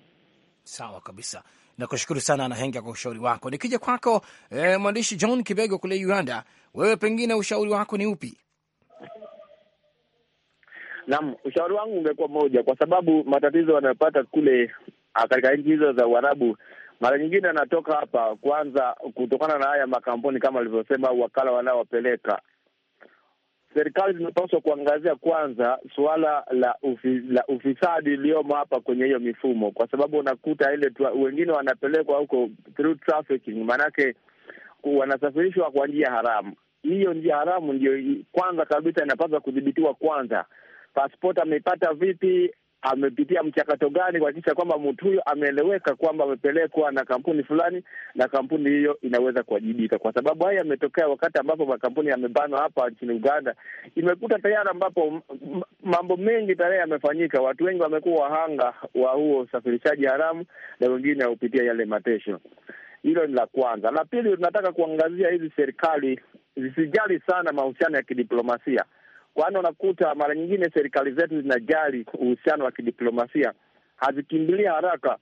Sawa kabisa, nakushukuru sana anahenga kwa ushauri wako. Nikija kwako e, mwandishi John Kibego kule Uganda, wewe pengine ushauri wako ni upi? Naam, ushauri wangu ungekuwa moja, kwa sababu matatizo wanayopata kule katika nchi hizo za Uarabu mara nyingine anatoka hapa kwanza, kutokana na haya makampuni kama alivyosema, au wakala wanaowapeleka serikali zinapaswa kuangazia kwanza suala la ufi, la ufisadi iliyomo hapa kwenye hiyo mifumo, kwa sababu unakuta ile wengine wanapelekwa huko through trafficking, maanake wanasafirishwa kwa njia haramu. Hiyo njia haramu ndio kwanza kabisa inapaswa kudhibitiwa kwanza. paspot ameipata vipi? amepitia mchakato gani kuhakikisha kwamba mtu huyo ameeleweka kwamba amepelekwa na kampuni fulani na kampuni hiyo inaweza kuwajibika, kwa sababu haya yametokea wakati ambapo makampuni yamebanwa hapa nchini Uganda. Imekuta tayari ambapo mambo mengi tayari yamefanyika, watu wengi wamekuwa wahanga wa huo usafirishaji haramu na wengine hupitia yale matesho. Hilo ni la kwanza. La pili, tunataka kuangazia hizi serikali zisijali sana mahusiano ya kidiplomasia kwani unakuta mara nyingine serikali zetu zinajali uhusiano wa kidiplomasia, hazikimbilia haraka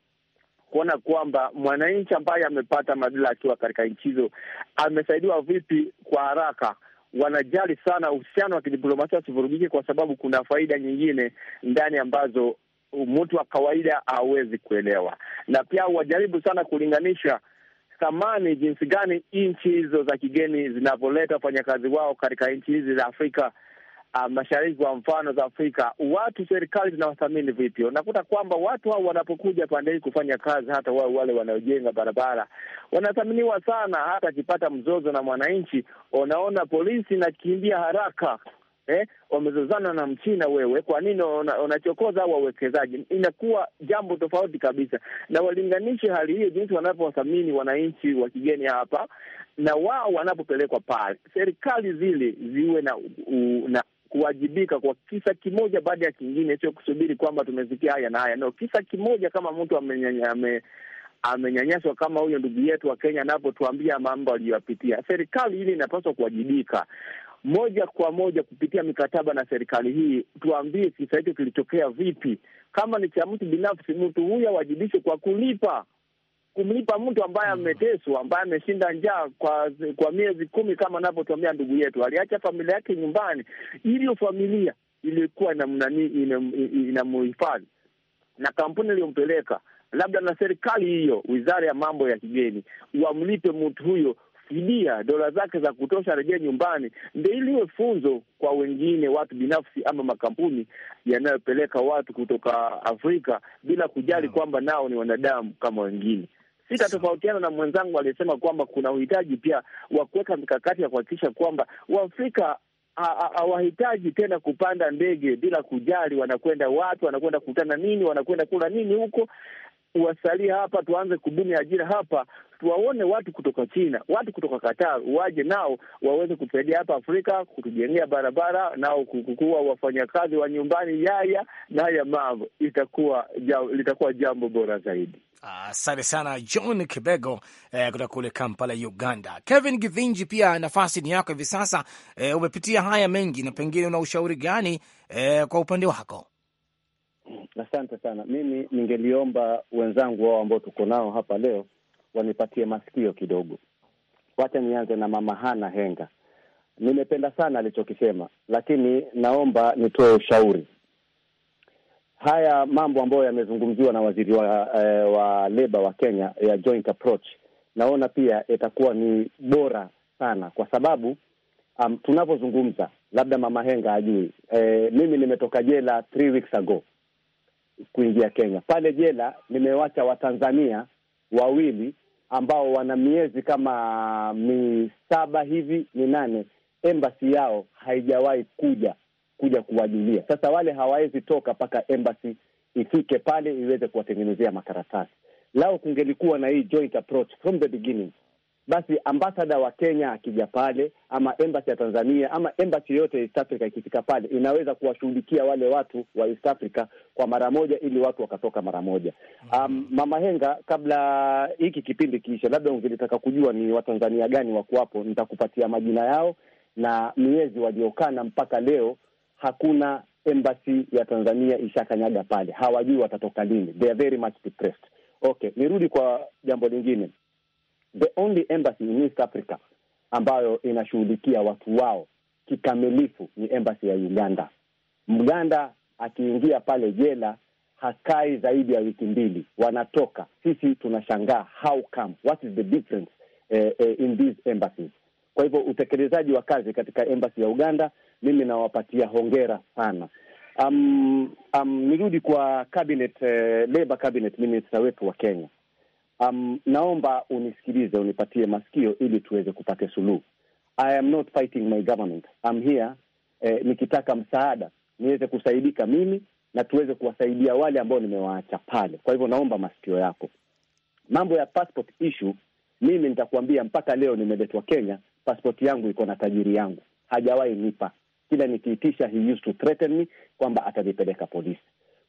kuona kwamba mwananchi ambaye amepata madila akiwa katika nchi hizo amesaidiwa vipi kwa haraka. Wanajali sana uhusiano wa kidiplomasia usivurugike, kwa sababu kuna faida nyingine ndani ambazo mtu wa kawaida hawezi kuelewa, na pia wajaribu sana kulinganisha thamani jinsi gani nchi hizo za kigeni zinavyoleta wafanyakazi wao katika nchi hizi za Afrika Uh, mashariki kwa mfano za Afrika, watu serikali zinawathamini vipi? Unakuta kwamba watu hao wanapokuja pande hii kufanya kazi, hata wao wale wanaojenga barabara wanathaminiwa sana. Hata akipata mzozo na mwananchi, unaona polisi inakimbia haraka Eh, wamezozana na Mchina wewe, kwa nini unachokoza au wawekezaji? Inakuwa jambo tofauti kabisa, na walinganishe hali hiyo jinsi wanavyowathamini wananchi wa kigeni hapa na wao wanapopelekwa pale. Serikali zile ziwe na, u, na kuwajibika kwa kisa kimoja baada ya kingine, sio kusubiri kwamba tumesikia haya na haya. No, kisa kimoja kama mtu amenyanyaswa ame, kama huyo ndugu yetu wa Kenya anapotuambia mambo aliyoyapitia, serikali hili inapaswa kuwajibika moja kwa moja kupitia mikataba na serikali hii. Tuambie kisa hicho kilitokea vipi? Kama ni cha mtu binafsi, mtu huyo awajibishwe kwa kulipa kumlipa mtu ambaye mm. ameteswa, ambaye ameshinda njaa kwa kwa miezi kumi, kama anavyotuambia ndugu yetu, aliacha familia yake nyumbani, iliyo familia ilikuwa inamnani inamuhifadhi na kampuni iliyompeleka labda na serikali hiyo, wizara ya mambo ya kigeni, wamlipe mtu huyo fidia dola zake za kutosha, rejea nyumbani. Ndio iliwe funzo kwa wengine, watu binafsi ama makampuni yanayopeleka watu kutoka Afrika bila kujali no. Mm. kwamba nao ni wanadamu kama wengine sitatofautiana na mwenzangu aliyesema kwamba kuna uhitaji pia wa kuweka mikakati ya kuhakikisha kwamba Waafrika hawahitaji tena kupanda ndege bila kujali wanakwenda wapi, wanakwenda kukutana nini, wanakwenda kula nini huko, wasalia hapa, tuanze kubuni ajira hapa, tuwaone watu kutoka China, watu kutoka Qatar waje nao waweze kutusaidia hapa Afrika, kutujengea barabara, nao kuwa wafanyakazi wa nyumbani. Yaya na haya mambo itakuwa litakuwa jambo bora zaidi. Asante ah, sana John Kibego eh, kutoka kule Kampala, Uganda. Kevin Givinji, pia nafasi ni yako hivi sasa. Eh, umepitia haya mengi na pengine una ushauri gani eh, kwa upande wako? Asante sana. Mimi ningeliomba wenzangu wao ambao tuko nao hapa leo wanipatie masikio kidogo. Wacha nianze na mama Hana Henga. Nimependa sana alichokisema, lakini naomba nitoe ushauri. Haya mambo ambayo yamezungumziwa na waziri wa, eh, wa leba wa Kenya ya joint approach, naona pia itakuwa ni bora sana kwa sababu um, tunavyozungumza labda mama Henga ajui eh, mimi nimetoka jela three weeks ago kuingia Kenya. Pale jela nimewacha Watanzania wawili ambao wana miezi kama misaba hivi minane, embasi yao haijawahi kuja kuja kuwajulia. Sasa wale hawawezi toka mpaka embasi ifike pale iweze kuwatengenezea makaratasi. Lao kungelikuwa na hii joint approach from the beginning, basi ambasada wa Kenya akija pale ama embasi ya Tanzania ama embasi yoyote ya East Africa ikifika pale inaweza kuwashughulikia wale watu wa East Africa kwa mara moja, ili watu wakatoka mara moja. Um, mhm. Mama Henga, kabla hiki kipindi kiisha, labda ungelitaka kujua ni Watanzania gani wakuwapo, nitakupatia majina yao na miezi waliokana mpaka leo. Hakuna embasi ya Tanzania ishakanyaga pale, hawajui watatoka lini, they are very much depressed. Okay, nirudi kwa jambo lingine the only embassy in East Africa ambayo inashughulikia watu wao kikamilifu ni embassy ya Uganda. Mganda akiingia pale jela hakai zaidi ya wiki mbili, wanatoka. Sisi tunashangaa how come, what is the difference eh, eh, in these embassies? Kwa hivyo utekelezaji wa kazi katika embassy ya Uganda, mimi nawapatia hongera sana. Um, um, nirudi kwa cabinet, eh, labor cabinet minister wetu wa Kenya um, naomba unisikilize, unipatie masikio ili tuweze kupata suluhu. I am not fighting my government. I'm here eh, nikitaka msaada niweze kusaidika mimi na tuweze kuwasaidia wale ambao nimewaacha pale. Kwa hivyo naomba masikio yako. Mambo ya passport issue, mimi nitakuambia, mpaka leo nimeletwa Kenya, passport yangu iko na tajiri yangu, hajawahi nipa. Kila nikiitisha he used to threaten me kwamba atanipeleka polisi.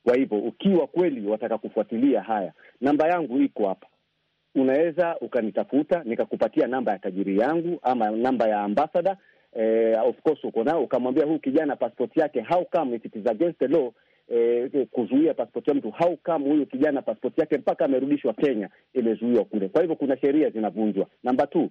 Kwa hivyo ukiwa kweli wataka kufuatilia haya, namba yangu iko hapa, unaweza ukanitafuta nikakupatia namba ya tajiri yangu ama namba ya ambasada Eh, of course uko nao, ukamwambia huyu kijana pasipoti yake, how come it is against the law eh, kuzuia pasipoti ya mtu. How come huyu kijana pasipoti yake mpaka amerudishwa Kenya imezuiwa kule? Kwa hivyo kuna sheria zinavunjwa. Namba two,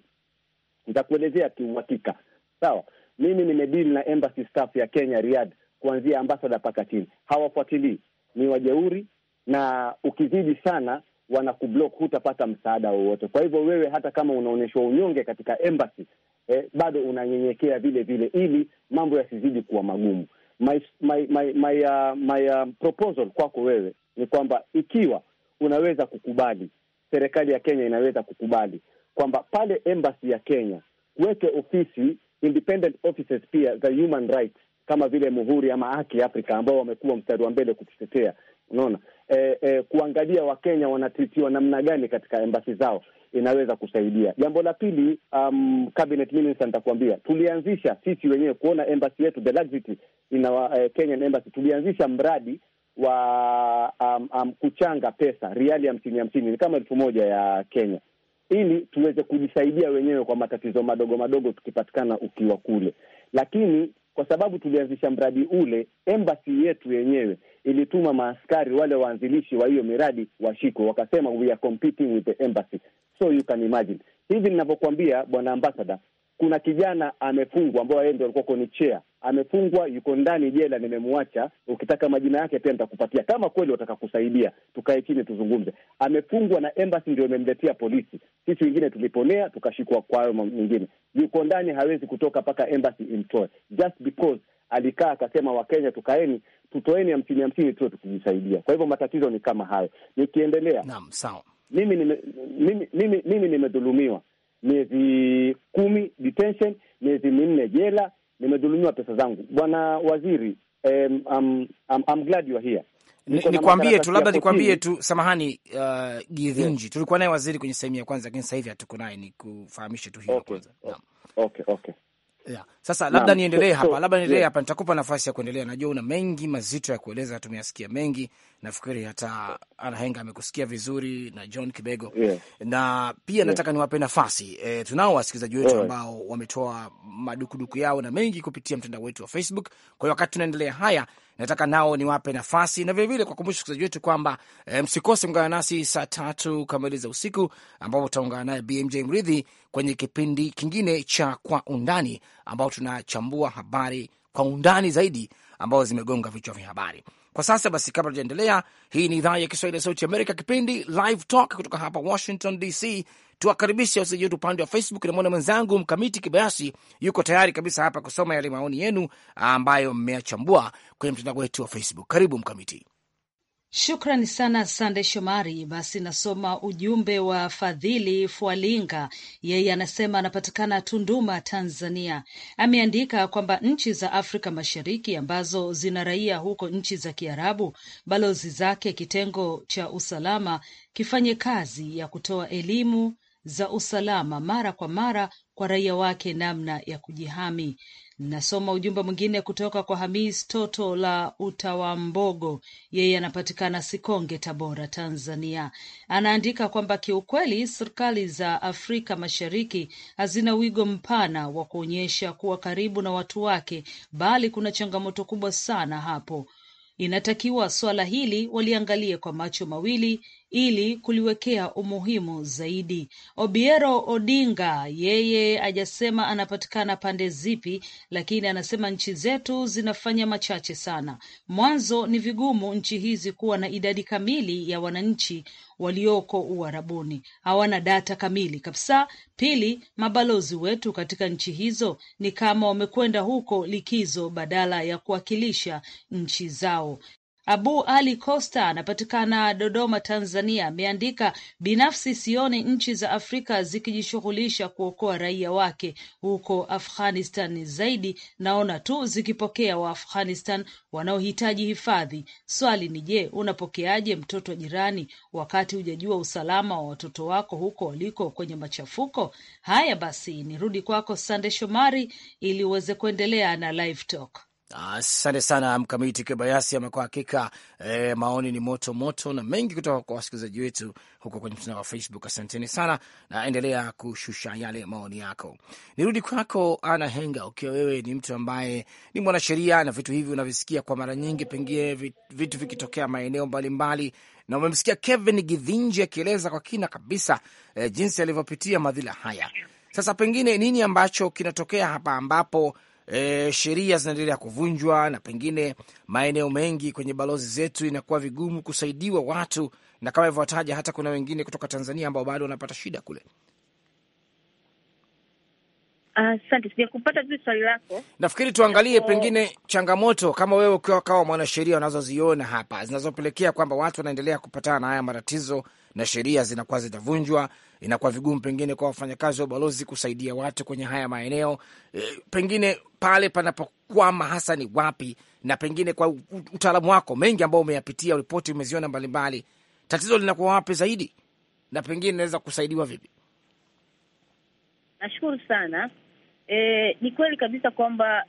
nitakuelezea kiuhakika, sawa. Mimi nimedili na embassy staff ya Kenya riad kuanzia ambasada mpaka chini, hawafuatilii, ni wajeuri, na ukizidi sana wanakublock, hutapata msaada wowote. Kwa hivyo wewe hata kama unaonyeshwa unyonge katika embassy eh, bado unanyenyekea vile vile, ili mambo yasizidi kuwa magumu. My, my, my, my, uh, my uh, proposal kwako wewe ni kwamba ikiwa unaweza kukubali, serikali ya Kenya inaweza kukubali kwamba pale embassy ya Kenya kuweke ofisi independent offices pia za human rights kama vile Muhuri ama Haki Afrika ambao wamekuwa mstari wa mbele kututetea, unaona eh, eh, kuangalia Wakenya wanatritiwa namna gani katika embasi zao inaweza kusaidia. Jambo la pili, um, cabinet minister nitakuambia, tulianzisha sisi wenyewe kuona embasi yetu the ina eh, Kenyan embassy, tulianzisha mradi wa um, um, kuchanga pesa riali hamsini hamsini, ni kama elfu moja ya Kenya ili tuweze kujisaidia wenyewe kwa matatizo madogo madogo tukipatikana ukiwa kule. Lakini kwa sababu tulianzisha mradi ule, embassy yetu yenyewe ilituma maaskari wale waanzilishi wa hiyo miradi washikwe, wakasema we are competing with the embassy, so you can imagine. Hivi ninavyokuambia, bwana ambassador, kuna kijana amefungwa, ambao yeye ndio alikuwa kwenye chea, amefungwa, yuko ndani jela, nimemwacha. Ukitaka majina yake pia nitakupatia, kama kweli wataka kusaidia, tukae chini tuzungumze. Amefungwa na embassy ndio imemletea polisi, sisi wengine tuliponea, tukashikwa kwa hayo mwingine, Yuko ndani, hawezi kutoka mpaka embassy imtoe, just because alikaa akasema, Wakenya tukaeni, tutoeni hamsini hamsini tuwe tukijisaidia. Kwa hivyo matatizo ni kama hayo. Nikiendelea, naam, sawa. Mimi nimedhulumiwa, mimi, mimi, mimi, miezi kumi detention, miezi minne jela, nimedhulumiwa pesa zangu. Bwana waziri, um, um, um, I'm glad you are here. Nikwambie tu labda nikwambie tu samahani, uh, Githinji yeah. Tulikuwa naye waziri kwenye sehemu ya kwanza, lakini sasa hivi hatuko naye, ni kufahamishe tu hiyo okay. Kwanza okay. okay, okay yeah. Sasa labda niendelee hapa labda niendelee hapa Nitakupa nafasi ya kuendelea, najua una mengi mazito ya kueleza, tumeyasikia mengi, nafikiri hata Anahenga amekusikia vizuri na John Kibego yeah. na pia yeah. nataka niwape nafasi e, tunao wasikilizaji wetu yeah. ambao wametoa madukuduku yao na mengi kupitia mtandao wetu wa Facebook. Kwa hiyo wakati tunaendelea haya nataka nao niwape nafasi na vilevile kuwakumbusha wasikilizaji wetu kwamba e, msikose mgawa nasi saa tatu kamili za usiku, ambapo utaungana naye BMJ Mridhi kwenye kipindi kingine cha Kwa Undani, ambao tunachambua habari kwa undani zaidi ambazo zimegonga vichwa vya habari. Kwa sasa basi, kabla tujaendelea, hii ni idhaa ya Kiswahili ya Sauti Amerika, kipindi Live Talk kutoka hapa Washington DC. Tuwakaribisha wasikilizaji wetu upande wa Facebook. Namwona mwenzangu Mkamiti Kibayasi yuko tayari kabisa hapa kusoma yale maoni yenu ambayo mmeyachambua kwenye mtandao wetu wa Facebook. Karibu Mkamiti. Shukrani sana Sande Shomari. Basi nasoma ujumbe wa Fadhili Fwalinga, yeye anasema anapatikana Tunduma, Tanzania. Ameandika kwamba nchi za Afrika Mashariki ambazo zina raia huko nchi za Kiarabu, balozi zake kitengo cha usalama kifanye kazi ya kutoa elimu za usalama mara kwa mara kwa raia wake namna ya kujihami. Nasoma ujumbe mwingine kutoka kwa Hamis Toto la Utawambogo, yeye anapatikana Sikonge, Tabora, Tanzania. Anaandika kwamba kiukweli serikali za Afrika Mashariki hazina wigo mpana wa kuonyesha kuwa karibu na watu wake, bali kuna changamoto kubwa sana hapo. Inatakiwa suala hili waliangalie kwa macho mawili ili kuliwekea umuhimu zaidi. Obiero Odinga yeye ajasema anapatikana pande zipi, lakini anasema nchi zetu zinafanya machache sana. Mwanzo ni vigumu nchi hizi kuwa na idadi kamili ya wananchi walioko Uarabuni, hawana data kamili kabisa. Pili, mabalozi wetu katika nchi hizo ni kama wamekwenda huko likizo badala ya kuwakilisha nchi zao. Abu Ali Costa anapatikana Dodoma, Tanzania, ameandika binafsi sioni nchi za Afrika zikijishughulisha kuokoa raia wake huko Afghanistan, zaidi naona tu zikipokea Waafghanistan wanaohitaji hifadhi. Swali ni je, unapokeaje mtoto jirani wakati hujajua usalama wa watoto wako huko waliko kwenye machafuko haya? Basi nirudi kwako Sande Shomari ili uweze kuendelea na live talk. Asante sana Mkamiti Kibayasi, kwa hakika e, eh, maoni ni moto moto na mengi kutoka kwa wasikilizaji wetu huko kwenye mtandao wa Facebook. Asanteni sana na endelea kushusha yale maoni yako. Nirudi kwako Ana Henga, ukiwa wewe ni mtu ambaye ni mwanasheria na vitu hivi unavisikia kwa mara nyingi, pengine vitu vikitokea maeneo mbalimbali, na umemsikia Kevin Gidhinji akieleza kwa kina kabisa e, jinsi alivyopitia madhila haya. Sasa pengine nini ambacho kinatokea hapa ambapo e, sheria zinaendelea kuvunjwa na pengine maeneo mengi kwenye balozi zetu inakuwa vigumu kusaidiwa watu, na kama ivyotaja, hata kuna wengine kutoka Tanzania ambao bado wanapata shida kule. Asante, sijakupata vizuri swali lako. Nafikiri tuangalie pengine changamoto kama wewe ukiwa kawa mwanasheria unazoziona hapa zinazopelekea kwamba watu wanaendelea kupatana na haya matatizo na sheria zinakuwa zitavunjwa. Inakuwa vigumu pengine kwa wafanyakazi wa ubalozi kusaidia watu kwenye haya maeneo. E, pengine pale panapokwama hasa ni wapi? Na pengine kwa utaalamu wako mengi ambao umeyapitia, ripoti umeziona mbalimbali, tatizo linakuwa wapi zaidi, na pengine inaweza kusaidiwa vipi? Nashukuru sana. E, ni kweli kabisa kwamba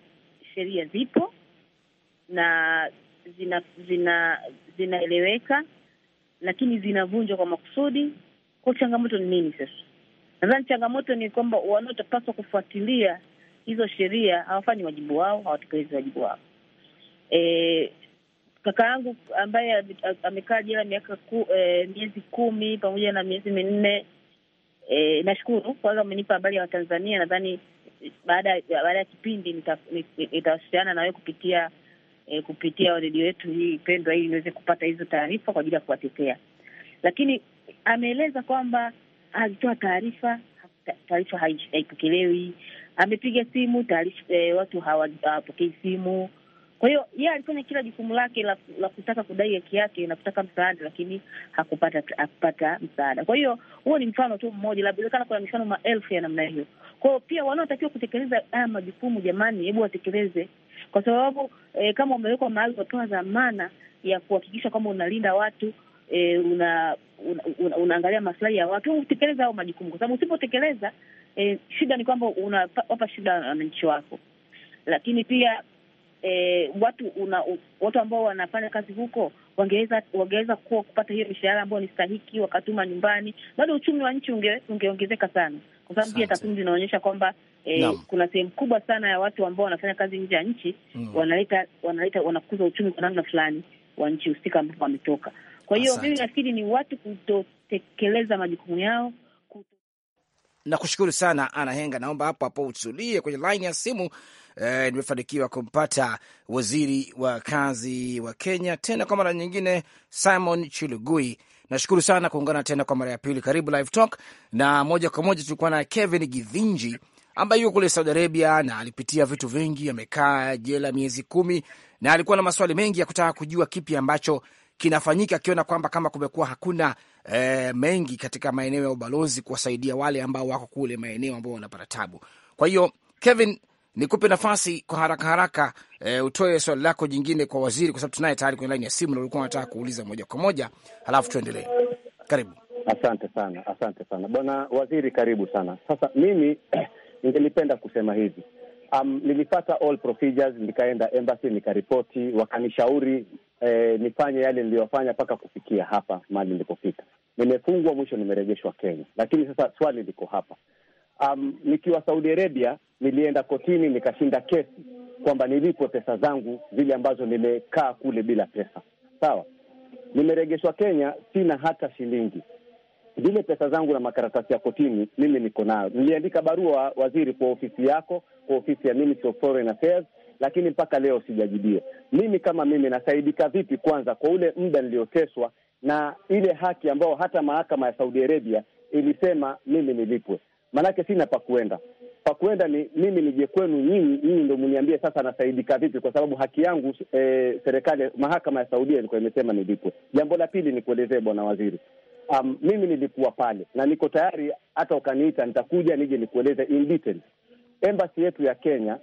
sheria zipo na zina zinaeleweka zina lakini zinavunjwa kwa makusudi. Kwa changamoto ni nini sasa? Nadhani changamoto ni kwamba wanaotapaswa kufuatilia hizo sheria hawafanyi wajibu wao, hawatekelezi wajibu wao. E, kaka yangu ambaye amekaa jela miaka ku, e, miezi kumi pamoja na miezi minne e, nashukuru kwanza amenipa habari ya Watanzania. Nadhani baada baada ya kipindi nitawasiliana nita, nita, nawe kupitia e, kupitia redio yetu hii pendwa, ili niweze kupata hizo taarifa kwa ajili ya kuwatetea. Lakini ameeleza kwamba alitoa taarifa, taarifa haipokelewi. Amepiga simu taarifa, e, watu hawapokei simu. Kwa hiyo yeye alifanya kila jukumu lake la, la kutaka kudai haki yake na kutaka msaada, lakini hakupata hakupata msaada. Kwa hiyo huo ni mfano tu mmoja, labda kuna mifano maelfu ya namna hiyo. Kwa hiyo pia wanaotakiwa kutekeleza haya majukumu, jamani, hebu watekeleze kwa sababu e, kama umewekwa mahali unapewa dhamana ya kuhakikisha kwamba unalinda watu e, una, una, una, unaangalia maslahi ya watu, utekeleza hao majukumu, kwa sababu usipotekeleza e, shida ni kwamba unawapa shida wananchi wako, lakini pia E, watu una, watu ambao wanafanya kazi huko wangeweza wangeweza kuwa kupata hiyo mishahara ambayo ni stahiki, wakatuma nyumbani, bado uchumi wa nchi ungeongezeka unge sana kwa sababu pia takwimu zinaonyesha kwamba e, kuna sehemu kubwa sana ya watu ambao wanafanya kazi nje ya nchi mm. wanaleta wanaleta wanakuza uchumi kwa namna fulani wa nchi husika ambapo wametoka. Kwa hiyo mimi nafikiri ni watu kutotekeleza majukumu yao. Nakushukuru sana Ana Henga, naomba hapo hapo utulie kwenye laini ya simu. Eh, nimefanikiwa kumpata waziri wa kazi wa Kenya tena kwa mara nyingine, Simon Chilugui Nashukuru sana kuungana tena kwa mara ya pili. Karibu Live Talk, na moja kwa moja tulikuwa na Kevin Githinji ambaye yuko kule Saudi Arabia na alipitia vitu vingi, amekaa jela miezi kumi na alikuwa na maswali mengi ya kutaka kujua kipi ambacho kinafanyika, akiona kwamba kama kumekuwa hakuna e, mengi katika maeneo ya ubalozi kuwasaidia wale ambao wako kule maeneo ambao wanapata tabu. Kwa hiyo Kevin, nikupe nafasi kwa haraka haraka, e, utoe swali lako jingine kwa waziri, kwa sababu tunaye tayari kwenye laini ya simu na ulikuwa unataka kuuliza moja kwa moja, halafu tuendelee. Karibu. Asante sana, asante sana bwana waziri, karibu sana. Sasa mimi [CLEARS THROAT] ningelipenda kusema hivi um, nilipata all procedures, nikaenda embassy nikaripoti, wakanishauri eh, nifanye yale niliyofanya mpaka kufikia hapa mahali nilipofika. Nimefungwa, mwisho nimerejeshwa Kenya, lakini sasa swali liko hapa um, nikiwa Saudi Arabia nilienda kotini nikashinda kesi kwamba nilipwe pesa zangu zile ambazo nimekaa kule bila pesa. Sawa, nimeregeshwa Kenya, sina hata shilingi. Zile pesa zangu na makaratasi ya kotini mimi niko nayo. Niliandika barua waziri, kwa ofisi yako, kwa ofisi ya Ministry of Foreign Affairs, lakini mpaka leo sijajibiwa. Mimi kama mimi nasaidika vipi? Kwanza kwa ule muda nilioteswa na ile haki ambayo hata mahakama ya Saudi Arabia ilisema mimi nilipwe maanake sina pa kuenda. Pa kuenda ni mimi nije kwenu nyinyi, nyinyi ndo mniambie sasa nasaidika vipi, kwa sababu haki yangu e, serikali mahakama ya Saudia ilikuwa imesema nilipwe. Jambo la pili nikuelezee bwana waziri, um, mimi nilikuwa pale na niko tayari, hata ukaniita nitakuja nije nikueleze in detail. Embassy yetu ya Kenya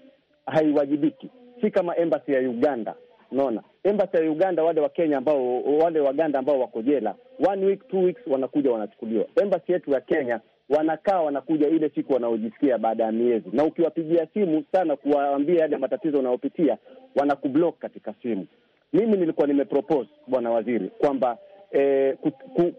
haiwajibiki, si kama embassy ya Uganda. Unaona, embassy ya Uganda, wale wa Kenya ambao wale Waganda ambao wako jela one week two weeks wanakuja wanachukuliwa. Embassy yetu ya Kenya wanakaa wanakuja ile siku wanaojisikia baada ya miezi, na ukiwapigia simu sana kuwaambia yale matatizo unayopitia wanakublock katika simu. Mimi nilikuwa nimepropose bwana waziri kwamba eh,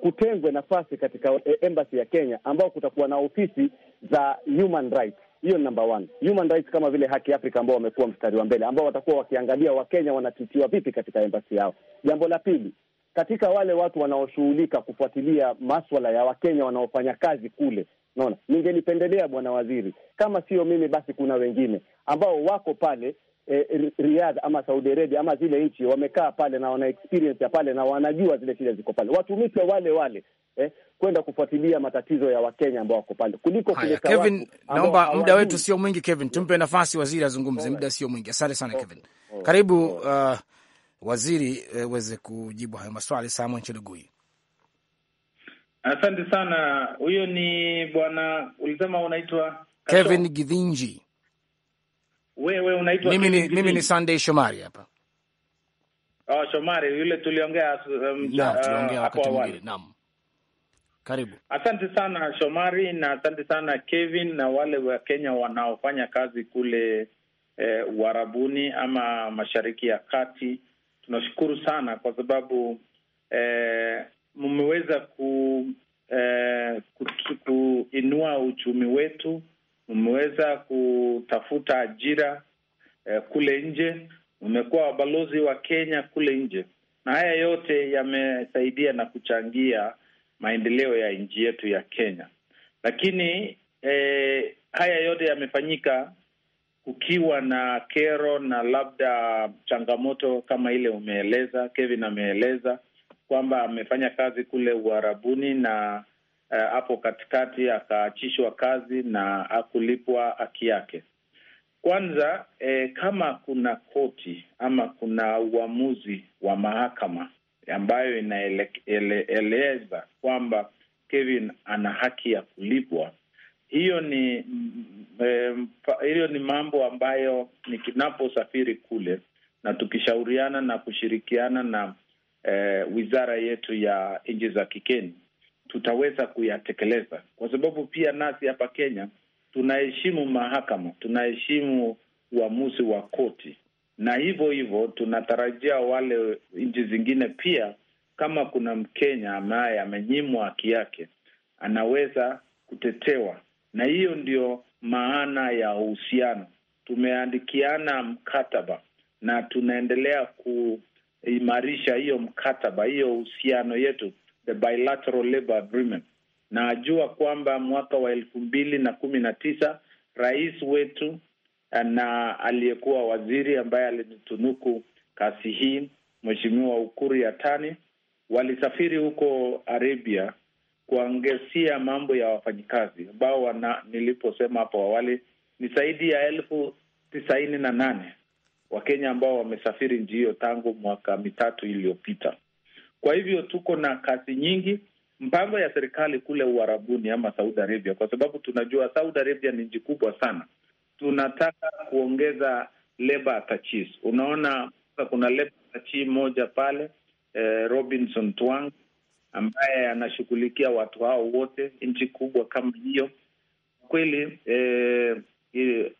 kutengwe nafasi katika eh, embassy ya Kenya ambao kutakuwa na ofisi za human rights. Hiyo ni namba one, human rights kama vile Haki Afrika ambao wamekuwa mstari wa mbele, ambao watakuwa wakiangalia Wakenya wanatitiwa vipi katika embassy yao. Jambo la pili katika wale watu wanaoshughulika kufuatilia maswala ya Wakenya wanaofanya kazi kule. Naona ningelipendelea bwana waziri, kama sio mimi basi kuna wengine ambao wako pale E, Riyadh ama Saudi Arabia ama zile nchi, wamekaa pale na wana experience ya pale na wanajua zile shida ziko pale, watumike wale wale eh, kwenda kufuatilia matatizo ya Wakenya ambao wako pale kuliko Kevin, naomba muda wetu sio mwingi Kevin, tumpe nafasi waziri azungumze, muda sio mwingi. Asante sana oh, Kevin, oh, karibu oh. uh, waziri aweze eh, kujibu hayo maswali. Simon Chelugui. Asante sana. Huyo ni bwana, ulisema unaitwa Kevin Githinji. Wewe unaitwa? Mimi ni, mimi ni Sunday Shomari hapa. Oh, Shomari yule tuliongea um, uh, tuliongea wakati mwingine. Naam. Karibu. Asante sana Shomari, na asante sana Kevin na wale wa Kenya wanaofanya kazi kule eh, Uarabuni ama Mashariki ya Kati tunashukuru sana kwa sababu eh, mmeweza ku, eh, kuinua uchumi wetu, mmeweza kutafuta ajira eh, kule nje, mmekuwa wabalozi wa Kenya kule nje, na haya yote yamesaidia na kuchangia maendeleo ya nchi yetu ya Kenya. Lakini eh, haya yote yamefanyika ukiwa na kero na labda changamoto kama ile umeeleza, Kevin ameeleza kwamba amefanya kazi kule Uarabuni na eh, hapo uh, katikati akaachishwa kazi na akulipwa haki yake. Kwanza eh, kama kuna koti ama kuna uamuzi wa mahakama ambayo inaeleza ele, kwamba Kevin ana haki ya kulipwa, hiyo ni mm, mm eh, hiyo ni mambo ambayo nikinaposafiri kule na tukishauriana na kushirikiana na e, wizara yetu ya nchi za kikeni tutaweza kuyatekeleza, kwa sababu pia nasi hapa Kenya tunaheshimu mahakama, tunaheshimu uamuzi wa koti, na hivyo hivyo tunatarajia wale nchi zingine pia, kama kuna Mkenya ambaye amenyimwa haki yake, anaweza kutetewa na hiyo ndio maana ya uhusiano. Tumeandikiana mkataba na tunaendelea kuimarisha hiyo mkataba, hiyo uhusiano yetu, the bilateral labor agreement. Najua kwamba mwaka wa elfu mbili na kumi na tisa rais wetu eh, na aliyekuwa waziri ambaye alinitunuku kazi hii, Mheshimiwa Ukuri Yatani, walisafiri huko Arabia kuangazia mambo ya wafanyikazi ambao wana, niliposema hapo awali ni zaidi ya elfu tisaini na nane Wakenya ambao wamesafiri nchi hiyo tangu mwaka mitatu iliyopita. Kwa hivyo tuko na kazi nyingi, mpango ya serikali kule Uarabuni ama Saudi Arabia, kwa sababu tunajua Saudi Arabia ni nchi kubwa sana. Tunataka kuongeza labor Unaona kuna labor moja pale eh, Robinson Twang ambaye anashughulikia watu hao wote. Nchi kubwa kama hiyo kweli, eh, eh,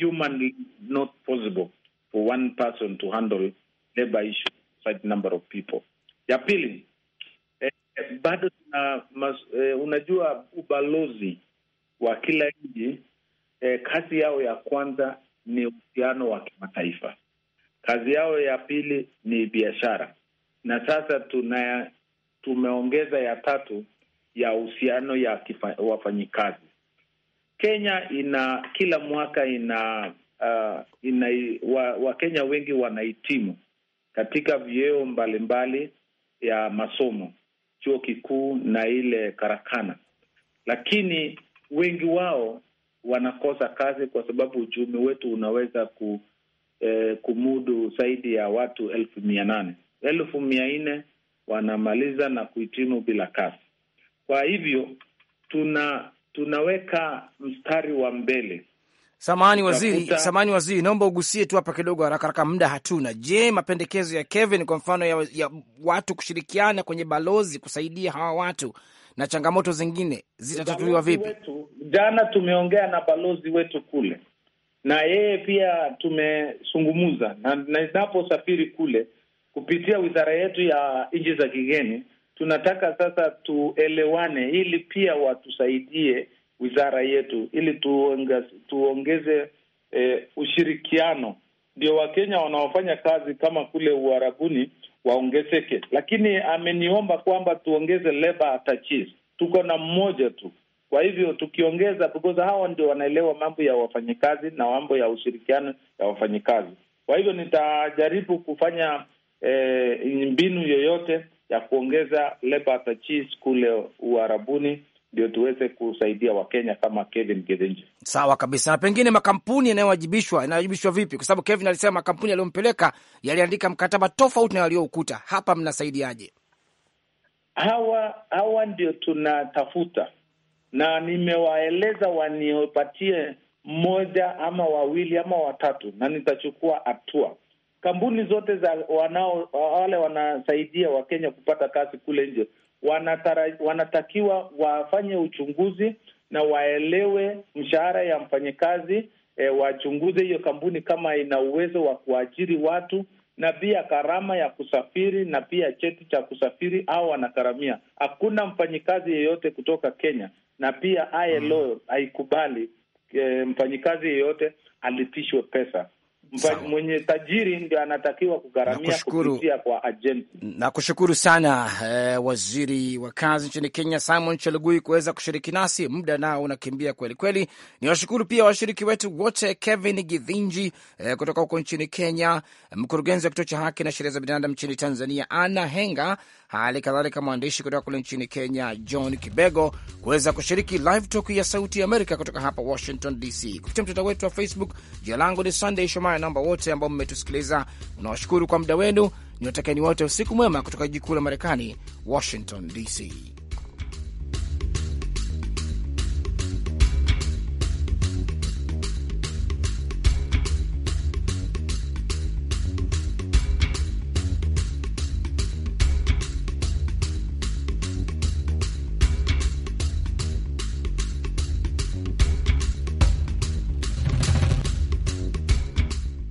humanly not possible for one person to handle labor issue such number of people. Ya pili, eh, bado tuna eh, unajua ubalozi wa kila nchi eh, kazi yao ya kwanza ni uhusiano wa kimataifa. Kazi yao ya pili ni biashara, na sasa tuna tumeongeza ya tatu ya uhusiano ya wafanyikazi. Kenya ina kila mwaka ina, uh, ina Wakenya wa wengi wanahitimu katika vyeo mbalimbali ya masomo, chuo kikuu na ile karakana, lakini wengi wao wanakosa kazi kwa sababu uchumi wetu unaweza ku, eh, kumudu zaidi ya watu elfu mia nane elfu mia nne wanamaliza na kuhitimu bila kasi. Kwa hivyo tuna tunaweka mstari wa mbele. Samani waziri, samani waziri, naomba ugusie tu hapa kidogo haraka haraka, muda hatuna. Je, mapendekezo ya Kevin kwa mfano ya, ya watu kushirikiana kwenye balozi kusaidia hawa watu na changamoto zingine zitatatuliwa vipi? Jana tumeongea na balozi wetu kule, na yeye pia tumezungumuza, na inaposafiri kule kupitia wizara yetu ya nchi za kigeni, tunataka sasa tuelewane, ili pia watusaidie wizara yetu, ili tuongeze, tuongeze eh, ushirikiano, ndio Wakenya wanaofanya kazi kama kule Uarabuni waongezeke. Lakini ameniomba kwamba tuongeze labor attaches, tuko na mmoja tu kwa hivyo tukiongeza, because hawa ndio wanaelewa mambo ya wafanyikazi na mambo ya ushirikiano ya wafanyikazi. Kwa hivyo nitajaribu kufanya eh, mbinu yoyote ya kuongeza labor purchase kule uharabuni ndio tuweze kusaidia Wakenya kama Kevin Sawa kabisa. Na pengine makampuni yanayowajibishwa yanawajibishwa vipi? Kwa sababu Kevin alisema makampuni yaliyompeleka yaliandika mkataba tofauti na waliokuta Hapa mnasaidiaje? Hawa hawa ndio tunatafuta, na nimewaeleza waniopatie mmoja ama wawili ama watatu, na nitachukua hatua kampuni zote za wanao wale wanasaidia Wakenya kupata kazi kule nje wanatara, wanatakiwa wafanye uchunguzi na waelewe mshahara ya mfanyikazi e, wachunguze hiyo kampuni kama ina uwezo wa kuajiri watu na pia gharama ya kusafiri na pia cheti cha kusafiri au wanagharamia. Hakuna mfanyikazi yeyote kutoka Kenya na pia ILO mm. haikubali e, mfanyikazi yeyote alipishwe pesa mwenye tajiri ndio anatakiwa kugharamia kupitia kwa Na Nakushukuru sana eh, waziri wa kazi nchini Kenya Simon Chelugui kuweza kushiriki nasi, muda nao unakimbia kweli kweli. Ni washukuru pia washiriki wetu wote, Kevin Githinji eh, kutoka huko nchini Kenya, mkurugenzi wa kituo cha haki na sheria za binadamu nchini Tanzania, Anna Henga hali kadhalika mwandishi kutoka kule nchini Kenya John Kibego kuweza kushiriki live talk ya Sauti Amerika kutoka hapa Washington DC kupitia mtandao wetu wa Facebook. Jina langu ni Sunday Shomaya, naomba wote ambao mmetusikiliza, unawashukuru kwa muda wenu, niwatakieni wote usiku mwema kutoka jiji kuu la Marekani, Washington DC.